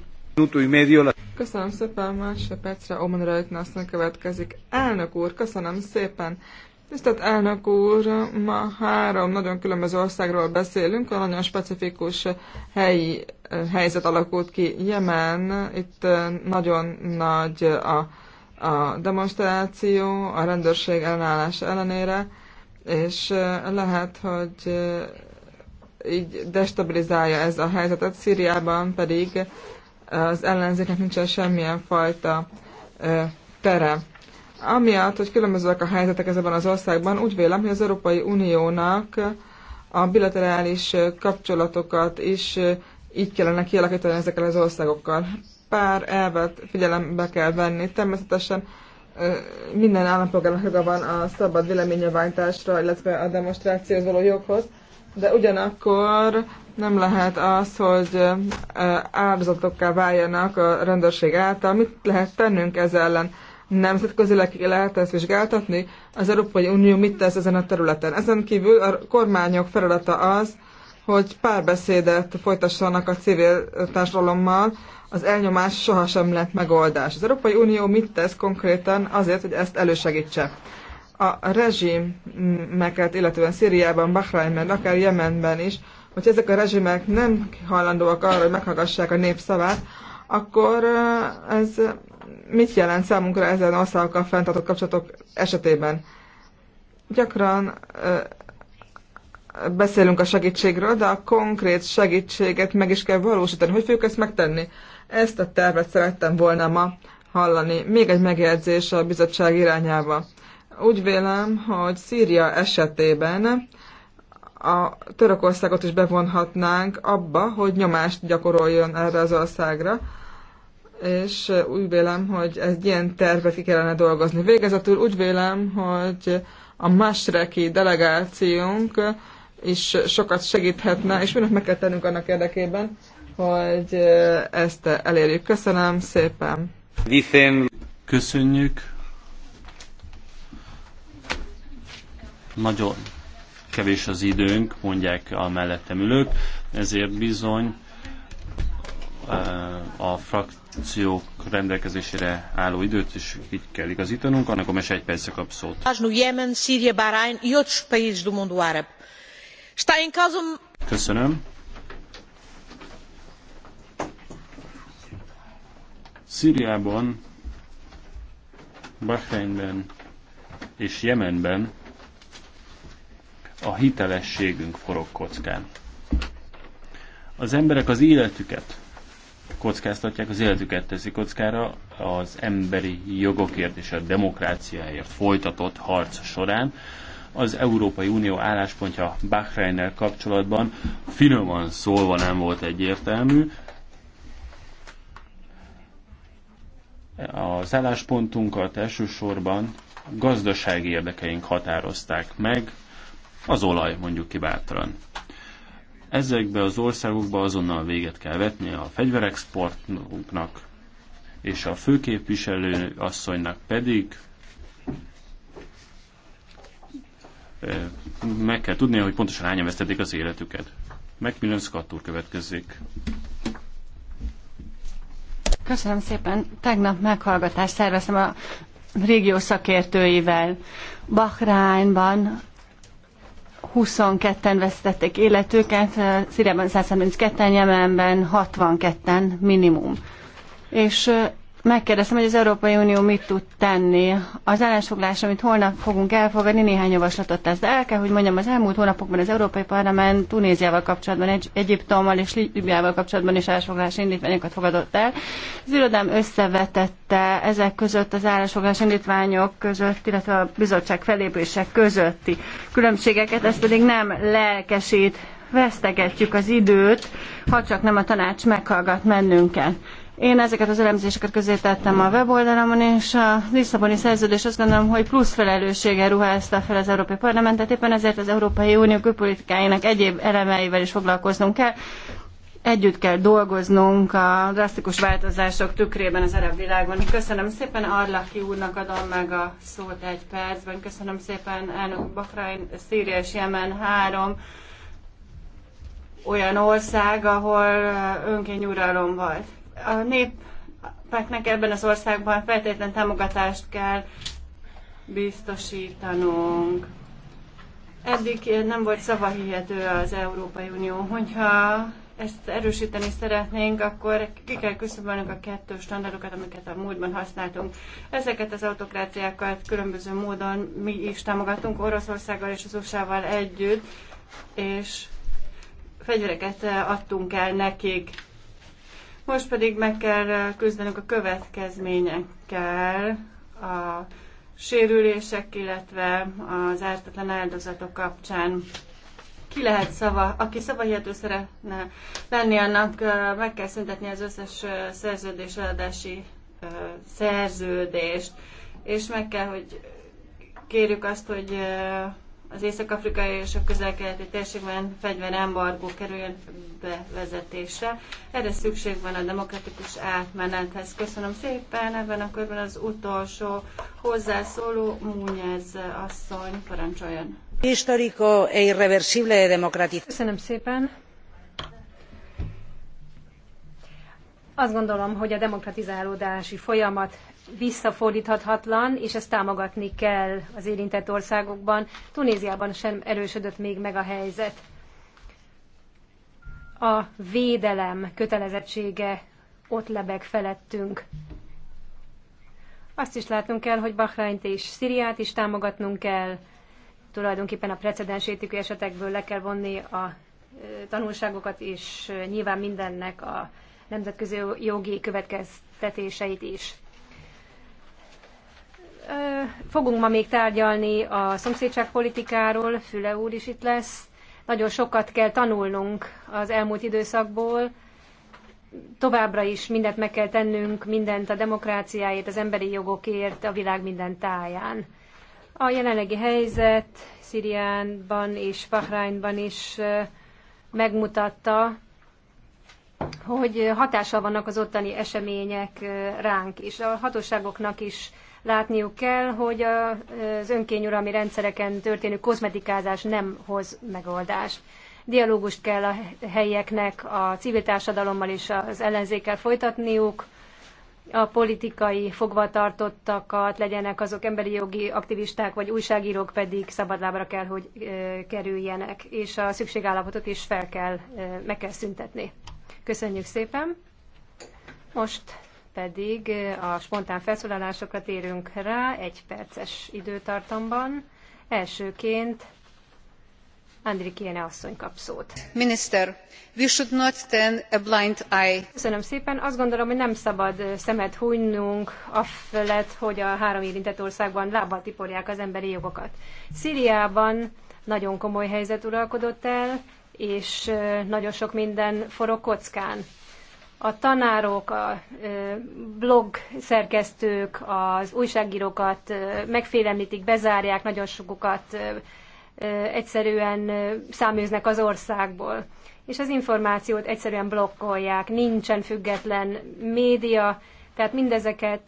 Köszönöm szépen, másodpercre Oman Rajtnásznak következik. Elnök úr, köszönöm szépen. Tisztelt elnök úr, ma három nagyon különböző országról beszélünk, a nagyon specifikus helyi helyzet alakult ki Jemen, itt nagyon nagy a, a demonstráció, a rendőrség ellenállás ellenére, és lehet, hogy így destabilizálja ez a helyzetet. Szíriában pedig az ellenzéknek nincsen semmilyen fajta tere. Amiatt, hogy különbözőek a helyzetek ezekben az országban, úgy vélem, hogy az Európai Uniónak a bilaterális kapcsolatokat is így kellene kialakítani ezekkel az országokkal. Pár elvet figyelembe kell venni. Természetesen minden állampolgárnak joga van a szabad véleménynyilvánításra, illetve a demonstrációhoz való joghoz, de ugyanakkor nem lehet az, hogy áldozatokká váljanak a rendőrség által. Mit lehet tennünk ez ellen? nemzetközileg lehet ezt vizsgáltatni? Az Európai Unió mit tesz ezen a területen? Ezen kívül a kormányok feladata az, hogy párbeszédet folytassanak a civil társadalommal, az elnyomás sohasem lett megoldás. Az Európai Unió mit tesz konkrétan azért, hogy ezt elősegítse? A rezsimeket, illetően Szíriában, Bahrainben, akár Jemenben is, hogy ezek a rezsimek nem hajlandóak arra, hogy meghallgassák a népszavát, akkor ez mit jelent számunkra ezen országokkal fenntartott kapcsolatok esetében? Gyakran beszélünk a segítségről, de a konkrét segítséget meg is kell valósítani. Hogy fogjuk ezt megtenni? Ezt a tervet szerettem volna ma hallani. Még egy megjegyzés a bizottság irányába. Úgy vélem, hogy Szíria esetében a Törökországot is bevonhatnánk abba, hogy nyomást gyakoroljon erre az országra, és úgy vélem, hogy ez ilyen terve ki kellene dolgozni. Végezetül úgy vélem, hogy a másreki delegációnk is sokat segíthetne, és mindent meg kell tennünk annak érdekében, hogy ezt elérjük. Köszönöm szépen! Köszönjük! Nagyon kevés az időnk, mondják a mellettem ülők, ezért bizony a frakciók rendelkezésére álló időt is így kell igazítanunk, annak a egy percre kap szót. Köszönöm. Szíriában, Bahreinben és Jemenben a hitelességünk forog kockán. Az emberek az életüket kockáztatják az életüket teszi kockára az emberi jogokért és a demokráciáért folytatott harc során. Az Európai Unió álláspontja Bahreinnel kapcsolatban finoman szólva nem volt egyértelmű, az álláspontunkat elsősorban gazdasági érdekeink határozták meg, az olaj mondjuk ki bátran. Ezekbe az országokba azonnal véget kell vetni a fegyverexportnak, és a főképviselő asszonynak pedig eh, meg kell tudnia, hogy pontosan hányan vesztették az életüket. Macmillan Scott következzék. Köszönöm szépen. Tegnap meghallgatást szerveztem a régió szakértőivel. Bahrányban 22-en vesztették életüket, Szíriában 132-en, Jemenben 62-en minimum. És megkérdeztem, hogy az Európai Unió mit tud tenni. Az állásfoglás, amit holnap fogunk elfogadni, néhány javaslatot tesz. De el kell, hogy mondjam, az elmúlt hónapokban az Európai Parlament Tunéziával kapcsolatban, Egy- Egyiptommal és Libiával kapcsolatban is állásfoglalás indítványokat fogadott el. Az irodám összevetette ezek között az állásfoglalás indítványok között, illetve a bizottság felépések közötti különbségeket, ez pedig nem lelkesít vesztegetjük az időt, ha csak nem a tanács meghallgat mennünket. Én ezeket az elemzéseket közé tettem a weboldalamon, és a Lisszaboni szerződés azt gondolom, hogy plusz felelősséggel ruházta fel az Európai Parlamentet, éppen ezért az Európai Unió külpolitikájának egyéb elemeivel is foglalkoznunk kell. Együtt kell dolgoznunk a drasztikus változások tükrében az arab világban. Köszönöm szépen, Arlaki úrnak adom meg a szót egy percben. Köszönöm szépen, elnök Bahrain, Szíria és Jemen három olyan ország, ahol uralom volt a népeknek ebben az országban feltétlen támogatást kell biztosítanunk. Eddig nem volt szavahihető az Európai Unió. Hogyha ezt erősíteni szeretnénk, akkor ki kell küszöbölnünk a kettő standardokat, amiket a múltban használtunk. Ezeket az autokráciákat különböző módon mi is támogatunk Oroszországgal és az USA-val együtt, és fegyvereket adtunk el nekik. Most pedig meg kell küzdenünk a következményekkel, a sérülések, illetve az ártatlan áldozatok kapcsán. Ki lehet szava, aki szavahihető szeretne lenni, annak meg kell szüntetni az összes szerződés eladási szerződést, és meg kell, hogy kérjük azt, hogy az észak-afrikai és a közel-keleti térségben fegyverembargó kerüljön bevezetésre. Erre szükség van a demokratikus átmenethez. Köszönöm szépen. Ebben a körben az utolsó hozzászóló Múnyez asszony. Parancsoljon. Histórico e irreversible de Köszönöm szépen. Azt gondolom, hogy a demokratizálódási folyamat visszafordíthatatlan, és ezt támogatni kell az érintett országokban. Tunéziában sem erősödött még meg a helyzet. A védelem kötelezettsége ott lebeg felettünk. Azt is látnunk kell, hogy Bahrányt és Szíriát is támogatnunk kell. Tulajdonképpen a precedensértékű esetekből le kell vonni a tanulságokat, és nyilván mindennek a nemzetközi jogi következtetéseit is fogunk ma még tárgyalni a szomszédságpolitikáról, Füle úr is itt lesz. Nagyon sokat kell tanulnunk az elmúlt időszakból. Továbbra is mindent meg kell tennünk, mindent a demokráciáért, az emberi jogokért, a világ minden táján. A jelenlegi helyzet Szíriánban és Bahrainban is megmutatta, hogy hatással vannak az ottani események ránk, és a hatóságoknak is látniuk kell, hogy az önkényuralmi rendszereken történő kozmetikázás nem hoz megoldást. Dialógust kell a helyieknek a civil társadalommal és az ellenzékkel folytatniuk, a politikai fogvatartottakat, legyenek azok emberi jogi aktivisták vagy újságírók pedig szabadlábra kell, hogy kerüljenek, és a szükségállapotot is fel kell, meg kell szüntetni. Köszönjük szépen! Most pedig a spontán felszólalásokra térünk rá egy perces időtartamban. Elsőként Andri Kéne asszony kap szót. Minister, we should not turn a blind eye. Köszönöm szépen. Azt gondolom, hogy nem szabad szemet hunynunk afelett, hogy a három érintett országban lábbal tiporják az emberi jogokat. Szíriában nagyon komoly helyzet uralkodott el, és nagyon sok minden forog kockán a tanárok, a blog szerkesztők, az újságírókat megfélemlítik, bezárják, nagyon sokukat egyszerűen száműznek az országból. És az információt egyszerűen blokkolják, nincsen független média, tehát mindezeket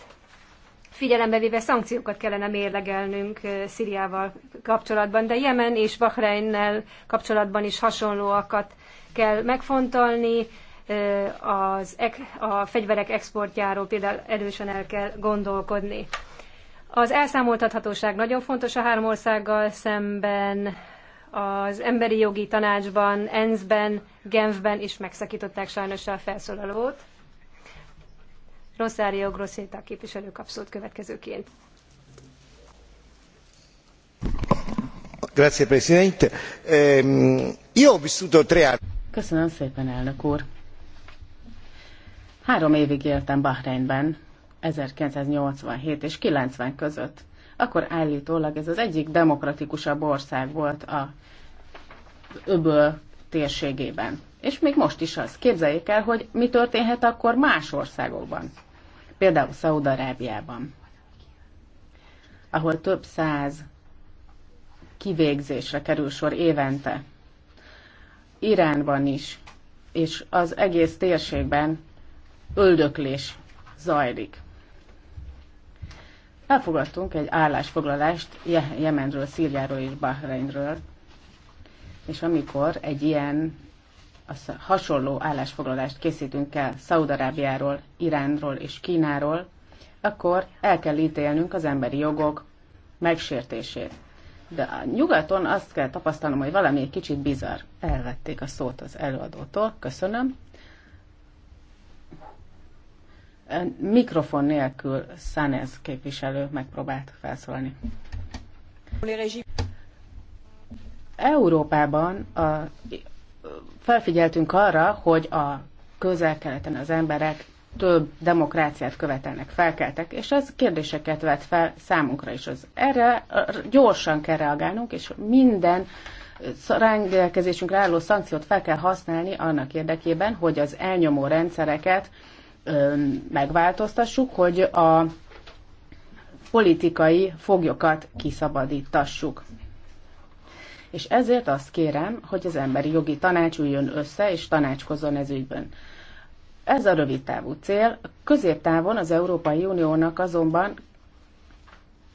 figyelembe véve szankciókat kellene mérlegelnünk Szíriával kapcsolatban, de Jemen és Bahreinnel kapcsolatban is hasonlóakat kell megfontolni az, a fegyverek exportjáról például erősen el kell gondolkodni. Az elszámoltathatóság nagyon fontos a három országgal szemben, az Emberi Jogi Tanácsban, ENSZ-ben, Genfben is megszakították sajnos a felszólalót. Rosario Grosszéta képviselő kapszót következőként. Grazie Presidente. Ehm, io ho vissuto tre anni. Köszönöm szépen, elnök úr. Három évig éltem Bahreinben, 1987 és 90 között. Akkor állítólag ez az egyik demokratikusabb ország volt a öböl térségében. És még most is az. Képzeljék el, hogy mi történhet akkor más országokban. Például Szaudarábiában, ahol több száz kivégzésre kerül sor évente. Iránban is, és az egész térségben öldöklés zajlik. Elfogadtunk egy állásfoglalást Jemenről, Szíriáról és Bahreinről, és amikor egy ilyen az hasonló állásfoglalást készítünk el Szaudarábiáról, Iránról és Kínáról, akkor el kell ítélnünk az emberi jogok megsértését. De a nyugaton azt kell tapasztalnom, hogy valami egy kicsit bizarr. Elvették a szót az előadótól. Köszönöm. Mikrofon nélkül Szánez képviselő megpróbált felszólni. Európában a, felfigyeltünk arra, hogy a közel-keleten az emberek több demokráciát követelnek, felkeltek, és ez kérdéseket vet fel számunkra is. Az erre gyorsan kell reagálnunk, és minden rendelkezésünkre álló szankciót fel kell használni annak érdekében, hogy az elnyomó rendszereket megváltoztassuk, hogy a politikai foglyokat kiszabadítassuk. És ezért azt kérem, hogy az emberi jogi tanács üljön össze és tanácskozzon ez ügyben. Ez a rövid távú cél. Középtávon az Európai Uniónak azonban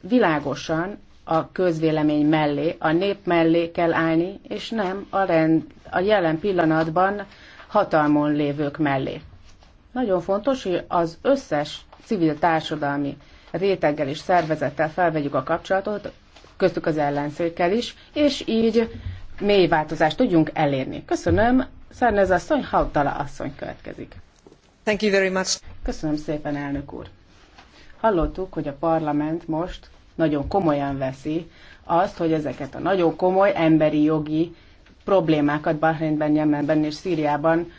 világosan a közvélemény mellé, a nép mellé kell állni, és nem a, rend, a jelen pillanatban hatalmon lévők mellé. Nagyon fontos, hogy az összes civil társadalmi réteggel és szervezettel felvegyük a kapcsolatot, köztük az ellenszékkel is, és így mély változást tudjunk elérni. Köszönöm, Szernez asszony, Hautala asszony következik. Thank you very much. Köszönöm szépen, elnök úr. Hallottuk, hogy a parlament most nagyon komolyan veszi azt, hogy ezeket a nagyon komoly emberi jogi problémákat Bahreinben, Jemenben és Szíriában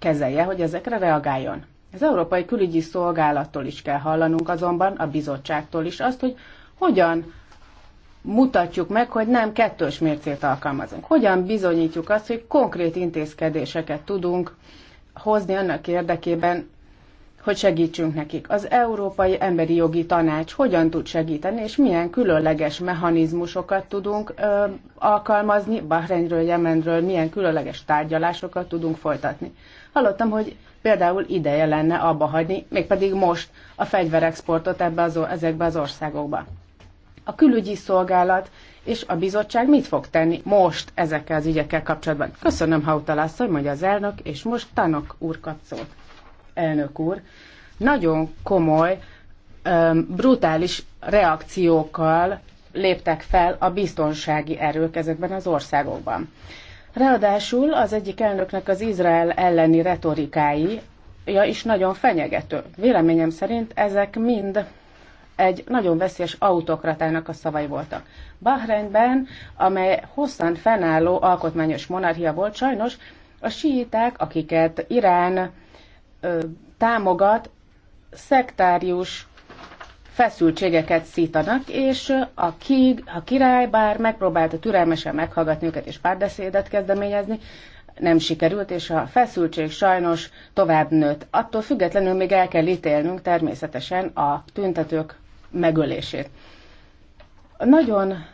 kezelje, hogy ezekre reagáljon. Az Európai Külügyi Szolgálattól is kell hallanunk azonban, a bizottságtól is azt, hogy hogyan mutatjuk meg, hogy nem kettős mércét alkalmazunk. Hogyan bizonyítjuk azt, hogy konkrét intézkedéseket tudunk hozni annak érdekében, hogy segítsünk nekik. Az Európai Emberi Jogi Tanács hogyan tud segíteni, és milyen különleges mechanizmusokat tudunk ö, alkalmazni, Bahreinről, Jemenről, milyen különleges tárgyalásokat tudunk folytatni. Hallottam, hogy például ideje lenne abba hagyni, mégpedig most a fegyverexportot ebbe az, ezekbe az országokba. A külügyi szolgálat és a bizottság mit fog tenni most ezekkel az ügyekkel kapcsolatban? Köszönöm, hogy mondja az elnök, és most Tanok úr kap szót. Elnök úr, nagyon komoly, brutális reakciókkal léptek fel a biztonsági erők ezekben az országokban. Ráadásul az egyik elnöknek az Izrael elleni retorikái ja, is nagyon fenyegető. Véleményem szerint ezek mind egy nagyon veszélyes autokratának a szavai voltak. Bahreinben, amely hosszan fennálló alkotmányos monarchia volt sajnos, a síiták, akiket Irán ö, támogat, szektárius feszültségeket szítanak, és a, ki, a király bár megpróbálta türelmesen meghallgatni őket és párbeszédet kezdeményezni, nem sikerült, és a feszültség sajnos tovább nőtt. Attól függetlenül még el kell ítélnünk természetesen a tüntetők megölését. Nagyon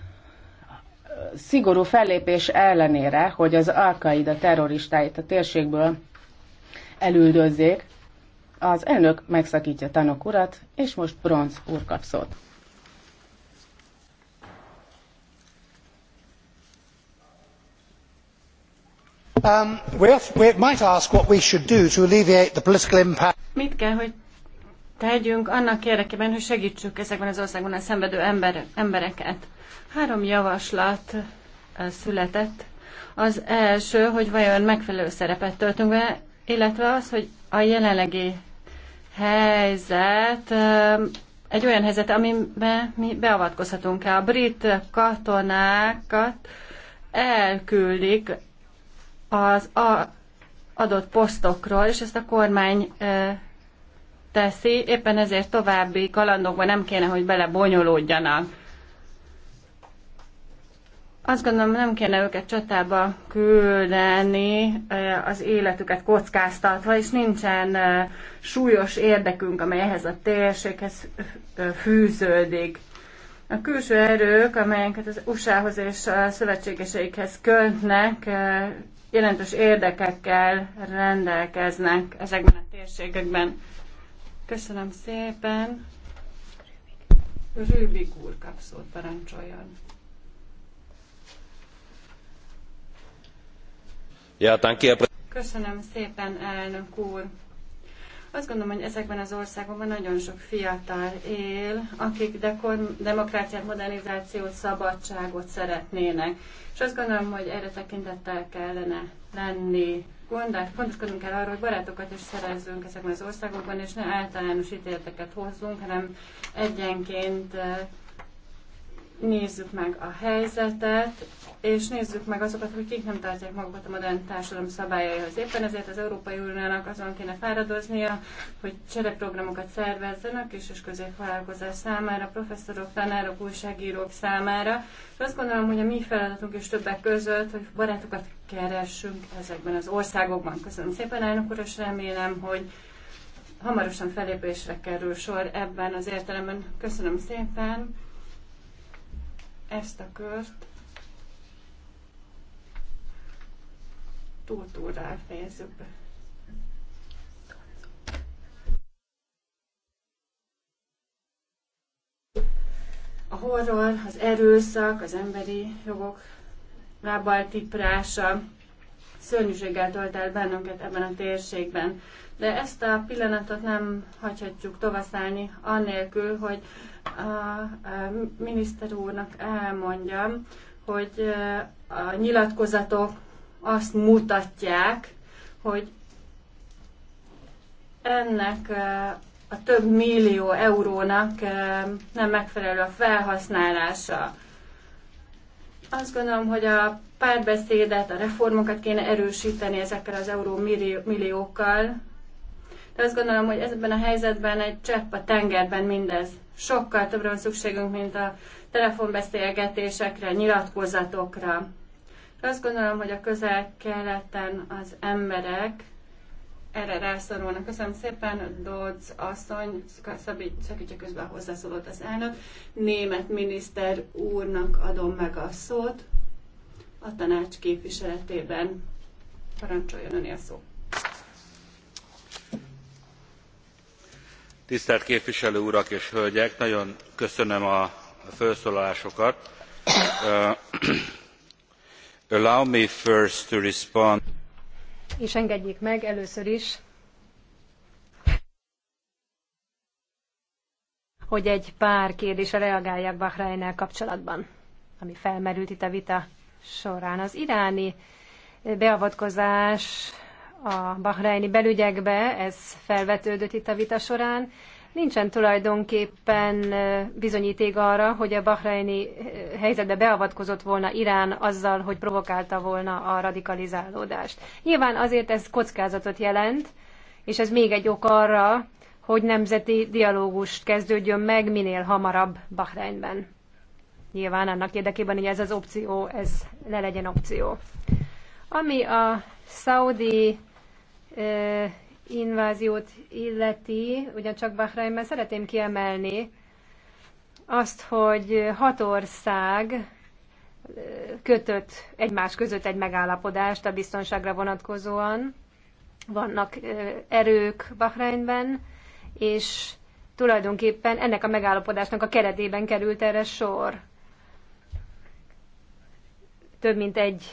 szigorú fellépés ellenére, hogy az alkaid a terroristáit a térségből elüldözzék, az elnök megszakítja Tanok urat, és most Bronz úr kap szót. Um, we, we might ask what we should do to alleviate the political impact. Mit kell, hogy tegyünk annak érdekében, hogy segítsük ezekben az országban a szenvedő ember, embereket. Három javaslat uh, született. Az első, hogy vajon megfelelő szerepet töltünk be, illetve az, hogy a jelenlegi helyzet egy olyan helyzet, amiben mi beavatkozhatunk el. A brit katonákat elküldik az adott posztokról, és ezt a kormány teszi, éppen ezért további kalandokban nem kéne, hogy belebonyolódjanak. Azt gondolom, nem kéne őket csatába küldeni az életüket kockáztatva, és nincsen súlyos érdekünk, amely ehhez a térséghez fűződik. A külső erők, amelyeket az USA-hoz és a szövetségeseikhez köntnek, jelentős érdekekkel rendelkeznek ezekben a térségekben. Köszönöm szépen. Rübig úr kapszót parancsoljon. Köszönöm szépen, elnök úr. Azt gondolom, hogy ezekben az országokban nagyon sok fiatal él, akik demokráciát, modernizációt, szabadságot szeretnének. És azt gondolom, hogy erre tekintettel kellene lenni. Gondát, gondoskodnunk kell arról, hogy barátokat is szerezzünk ezekben az országokban, és ne általános ítéleteket hozzunk, hanem egyenként nézzük meg a helyzetet, és nézzük meg azokat, hogy kik nem tartják magukat a modern társadalom szabályaihoz. Éppen ezért az Európai Uniónak azon kéne fáradoznia, hogy csereprogramokat szervezzenek és és középvállalkozás számára, professzorok, tanárok, újságírók számára. És azt gondolom, hogy a mi feladatunk is többek között, hogy barátokat keressünk ezekben az országokban. Köszönöm szépen, elnök úr, és remélem, hogy hamarosan felépésre kerül sor ebben az értelemben. Köszönöm szépen! ezt a kört túl-túlra elfejezzük be. A horror, az erőszak, az emberi jogok lábbal tiprása, szörnyűséggel tölt el bennünket ebben a térségben. De ezt a pillanatot nem hagyhatjuk tovaszállni annélkül, hogy a miniszter úrnak elmondjam, hogy a nyilatkozatok azt mutatják, hogy ennek a több millió eurónak nem megfelelő a felhasználása. Azt gondolom, hogy a párbeszédet, a reformokat kéne erősíteni ezekkel az euró milliókkal, de azt gondolom, hogy ebben a helyzetben egy csepp a tengerben mindez. Sokkal többre van szükségünk, mint a telefonbeszélgetésekre, nyilatkozatokra. De azt gondolom, hogy a közel-keleten az emberek erre rászorulnak. Köszönöm szépen, Dodz asszony, szakítja közben hozzászólott az elnök. Német miniszter úrnak adom meg a szót a tanács képviseletében. Parancsoljon öné a szó. tisztelt képviselő urak és hölgyek nagyon köszönöm a felszólalásokat. és engedjék meg először is hogy egy pár kérdésre reagáljak Bahreinnel kapcsolatban, ami felmerült itt a vita során. Az iráni beavatkozás a bahreini belügyekbe, ez felvetődött itt a vita során. Nincsen tulajdonképpen bizonyíték arra, hogy a bahreini helyzetbe beavatkozott volna Irán azzal, hogy provokálta volna a radikalizálódást. Nyilván azért ez kockázatot jelent, és ez még egy ok arra, hogy nemzeti dialógust kezdődjön meg minél hamarabb Bahreinben. Nyilván annak érdekében, hogy ez az opció, ez le legyen opció. Ami a szaudi inváziót illeti, ugyancsak Bahreinben szeretném kiemelni azt, hogy hat ország kötött egymás között egy megállapodást a biztonságra vonatkozóan. Vannak erők Bahreinben, és tulajdonképpen ennek a megállapodásnak a keretében került erre sor. Több mint egy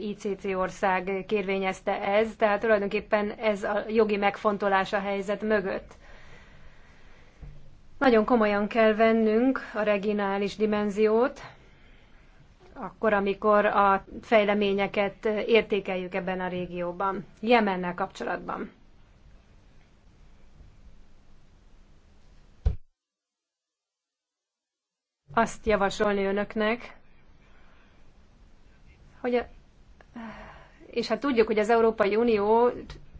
ICC ország kérvényezte ez, tehát tulajdonképpen ez a jogi megfontolás a helyzet mögött. Nagyon komolyan kell vennünk a regionális dimenziót, akkor, amikor a fejleményeket értékeljük ebben a régióban, Jemennel kapcsolatban. Azt javasolni önöknek, hogy a és hát tudjuk, hogy az Európai Unió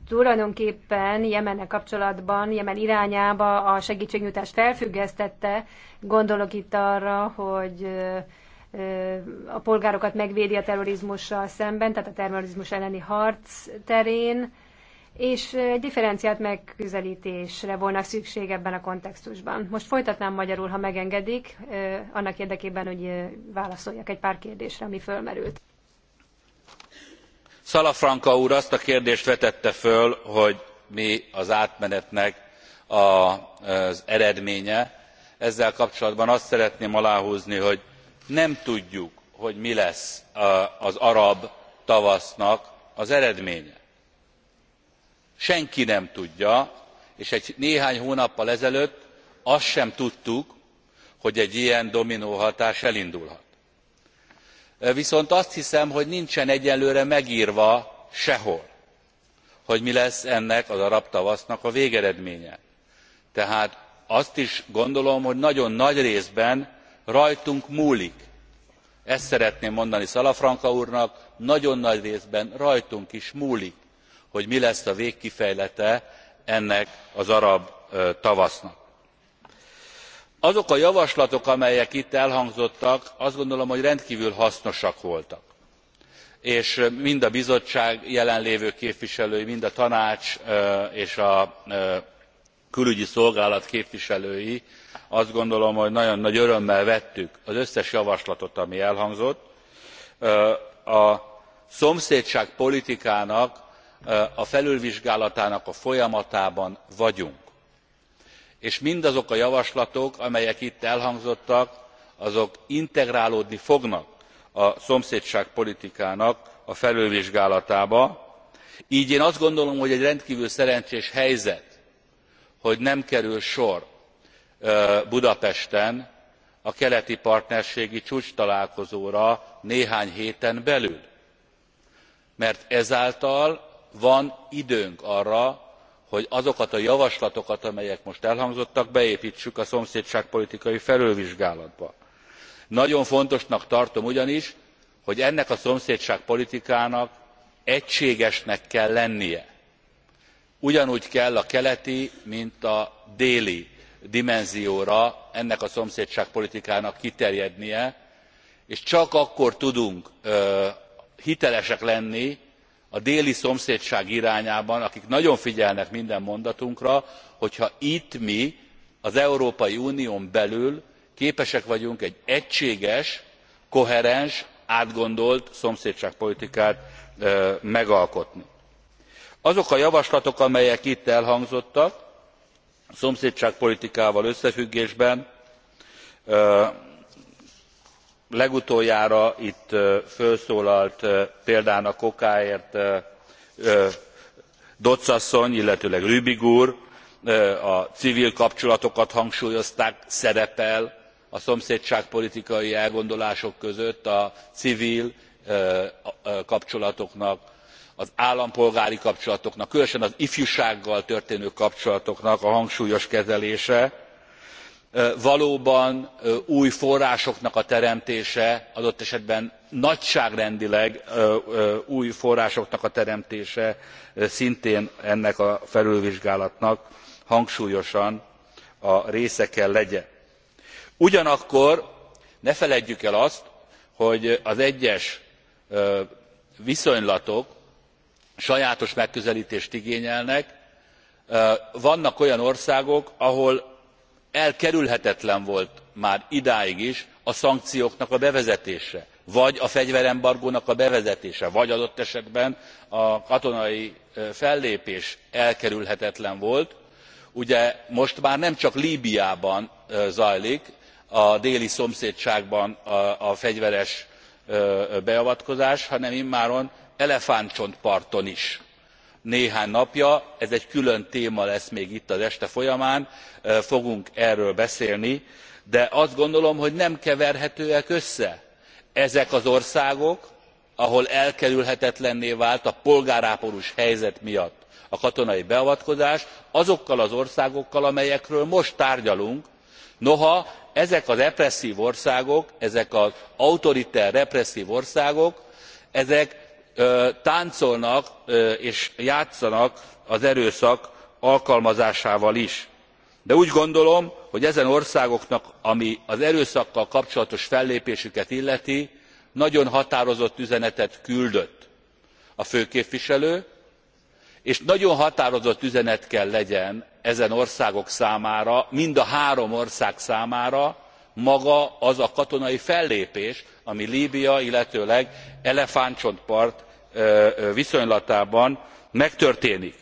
tulajdonképpen Jemennel kapcsolatban, Jemen irányába a segítségnyújtást felfüggesztette. Gondolok itt arra, hogy a polgárokat megvédi a terrorizmussal szemben, tehát a terrorizmus elleni harc terén, és egy differenciált megközelítésre volna szükség ebben a kontextusban. Most folytatnám magyarul, ha megengedik, annak érdekében, hogy válaszoljak egy pár kérdésre, ami fölmerült salafranca úr azt a kérdést vetette föl hogy mi az átmenetnek az eredménye. ezzel kapcsolatban azt szeretném aláhúzni hogy nem tudjuk hogy mi lesz az arab tavasznak az eredménye. senki nem tudja és egy néhány hónappal ezelőtt azt sem tudtuk hogy egy ilyen dominóhatás elindulhat viszont azt hiszem hogy nincsen egyenlőre megrva sehol hogy mi lesz ennek az arab tavasznak a végeredménye tehát azt is gondolom hogy nagyon nagy részben rajtunk múlik ezt szeretném mondani salafranca úrnak nagyon nagy részben rajtunk is múlik hogy mi lesz a végkifejlete ennek az arab tavasznak azok a javaslatok amelyek itt elhangzottak azt gondolom hogy rendkvül hasznosak voltak és mind a bizottság jelen lévő képviselői mind a tanács és a külügyi szolgálat képviselői azt gondolom hogy nagyon nagy örömmel vettük az összes javaslatot ami elhangzott. a szomszédságpolitikának a felülvizsgálatának a folyamatában vagyunk és mindazok a javaslatok amelyek itt elhangzottak azok integrálódni fognak a szomszédságpolitikának a felülvizsgálatába gy én azt gondolom hogy egy rendkvül szerencsés helyzet hogy nem kerül sor budapesten a keleti partnerségi csúcstalálkozóra néhány héten belül mert ezáltal van időnk arra hogy azokat a javaslatokat amelyek most elhangzottak beéptsük a szomszédságpolitikai felülvizsgálatba. nagyon fontosnak tartom ugyanis hogy ennek a szomszédságpolitikának egységesnek kell lennie. ugyanúgy kell a keleti mint a déli dimenzióra ennek a szomszédságpolitikának kiterjednie és csak akkor tudunk hitelesek lenni a déli szomszédság irányában akik nagyon figyelnek minden mondatunkra hogyha itt mi az európai unión belül képesek vagyunk egy egységes koherens átgondolt szomszédságpolitikát megalkotni. azok a javaslatok amelyek itt elhangzottak a szomszédságpolitikával összefüggésben legutoljára itt fölszólalt példának okáért dodds asszony illetőleg rübig úr a civil kapcsolatokat hangsúlyozták szerepel a szomszédságpolitikai elgondolások között a civil kapcsolatoknak az állampolgári kapcsolatoknak különösen az ifjúsággal történő kapcsolatoknak a hangsúlyos kezelése valóban új forrásoknak a teremtése adott esetben nagyságrendileg új forrásoknak a teremtése szintén ennek a felülvizsgálatnak hangsúlyosan a része kell legyen. ugyanakkor ne feledjük el azt hogy az egyes viszonylatok sajátos megközeltést igényelnek vannak olyan országok ahol elkerülhetetlen volt már idáig is a szankcióknak a bevezetése vagy a fegyverembargónak a bevezetése vagy adott esetben a katonai fellépés elkerülhetetlen volt ugye most már nem csak lbiában zajlik a déli szomszédságban a fegyveres beavatkozás hanem immáron elefántcsontparton is néhány napja ez egy külön téma lesz még itt az este folyamán fogunk erről beszélni de azt gondolom hogy nem keverhetőek össze ezek az országok ahol elkerülhetetlenné vált a polgárháborús helyzet miatt a katonai beavatkozás azokkal az országokkal amelyekről most tárgyalunk noha ezek a represszv országok ezek az autoriter represszv országok ezek táncolnak és játszanak az erőszak alkalmazásával is de úgy gondolom hogy ezen országoknak ami az erőszakkal kapcsolatos fellépésüket illeti nagyon határozott üzenetet küldött a főképviselő és nagyon határozott üzenet kell legyen ezen országok számára mind a három ország számára maga az a katonai fellépés ami lbia illetőleg elefántcsontpart viszonylatában megtörténik.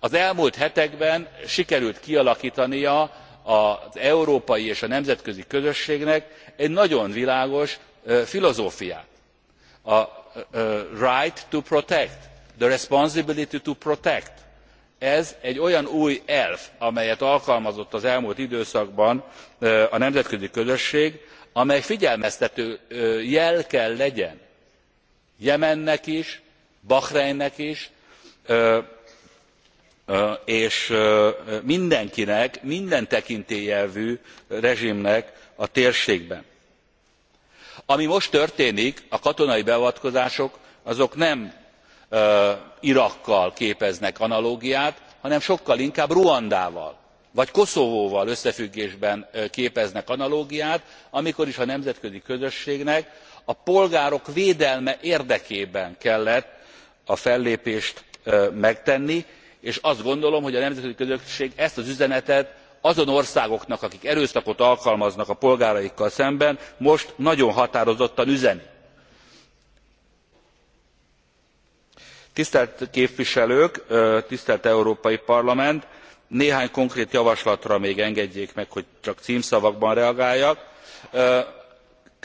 az elmúlt hetekben sikerült kialaktania az európai és a nemzetközi közösségnek egy nagyon világos filozófiát a right to protect the responsibility to protect. ez egy olyan új elv amelyet alkalmazott az elmúlt időszakban a nemzetközi közösség amely figyelmeztető jel kell legyen jemennek is bahreinnek is és mindenkinek minden tekintélyelvű rezsimnek a térségben. ami most történik a katonai beavatkozások azok nem irakkal képeznek analógiát hanem sokkal inkább ruandával vagy koszovóval összefüggésben képeznek analógiát amikor is a nemzetközi közösségnek a polgárok védelme érdekében kellett a fellépést megtenni és azt gondolom hogy a nemzetközi közösség ezt az üzenetet azon országoknak akik erőszakot alkalmaznak a polgáraikkal szemben most nagyon határozottan üzeni. tisztelt képviselők tisztelt európai parlament néhány konkrét javaslatra még engedjék meg hogy csak cmszavakban reagáljak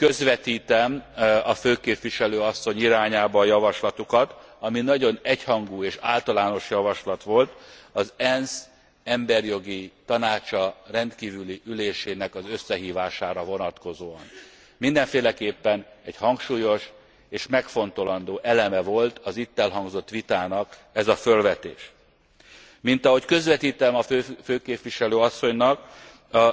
közvettem e, a főképviselő asszony irányába a javaslatukat ami nagyon egyhangú és általános javaslat volt az ensz emberi jogi tanácsa rendkvüli ülésének az összehvására vonatkozóan. mindenféleképpen egy hangsúlyos és megfontolandó eleme volt az itt elhangzott vitának ez a fölvetés. mint ahogy közvettem a főképviselő asszonynak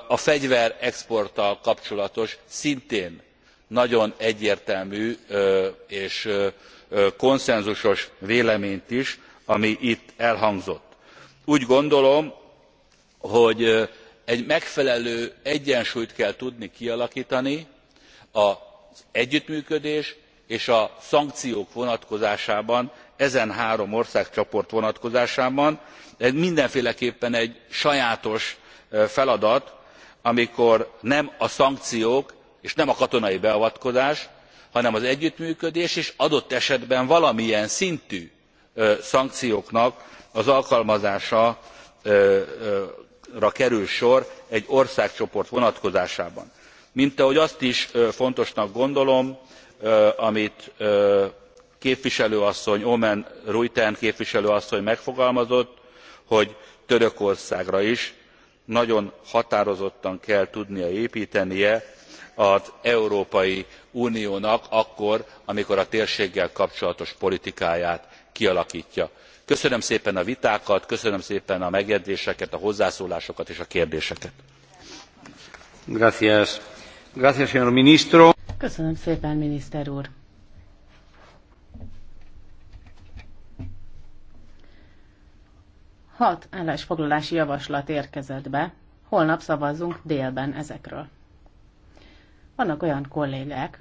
a fegyverexporttal kapcsolatos szintén nagyon egyértelmű és konszenzusos véleményt is ami itt elhangzott. úgy gondolom hogy egy megfelelő egyensúlyt kell tudni kialaktani az együttműködés és a szankciók vonatkozásában ezen három országcsoport vonatkozásában. ez mindenféleképpen egy sajátos feladat amikor nem a szankciók és nem a katonai beavatkozás hanem az együttműködés és adott esetben valamilyen szintű szankcióknak az alkalmazására kerül sor egy országcsoport vonatkozásában mint ahogy azt is fontosnak gondolom amit képviselő asszony oomen ruijten képviselő asszony megfogalmazott hogy törökországra is nagyon határozottan kell tudnia éptenie az európai uniónak akkor amikor a térséggel kapcsolatos politikáját kialaktja. köszönöm szépen a vitákat köszönöm szépen a megjegyzéseket a hozzászólásokat és a kérdéseket. köszönöm szépen miniszter úr! Hat állásfoglalási javaslat érkezett be, holnap szavazzunk délben ezekről. Vannak olyan kollégák,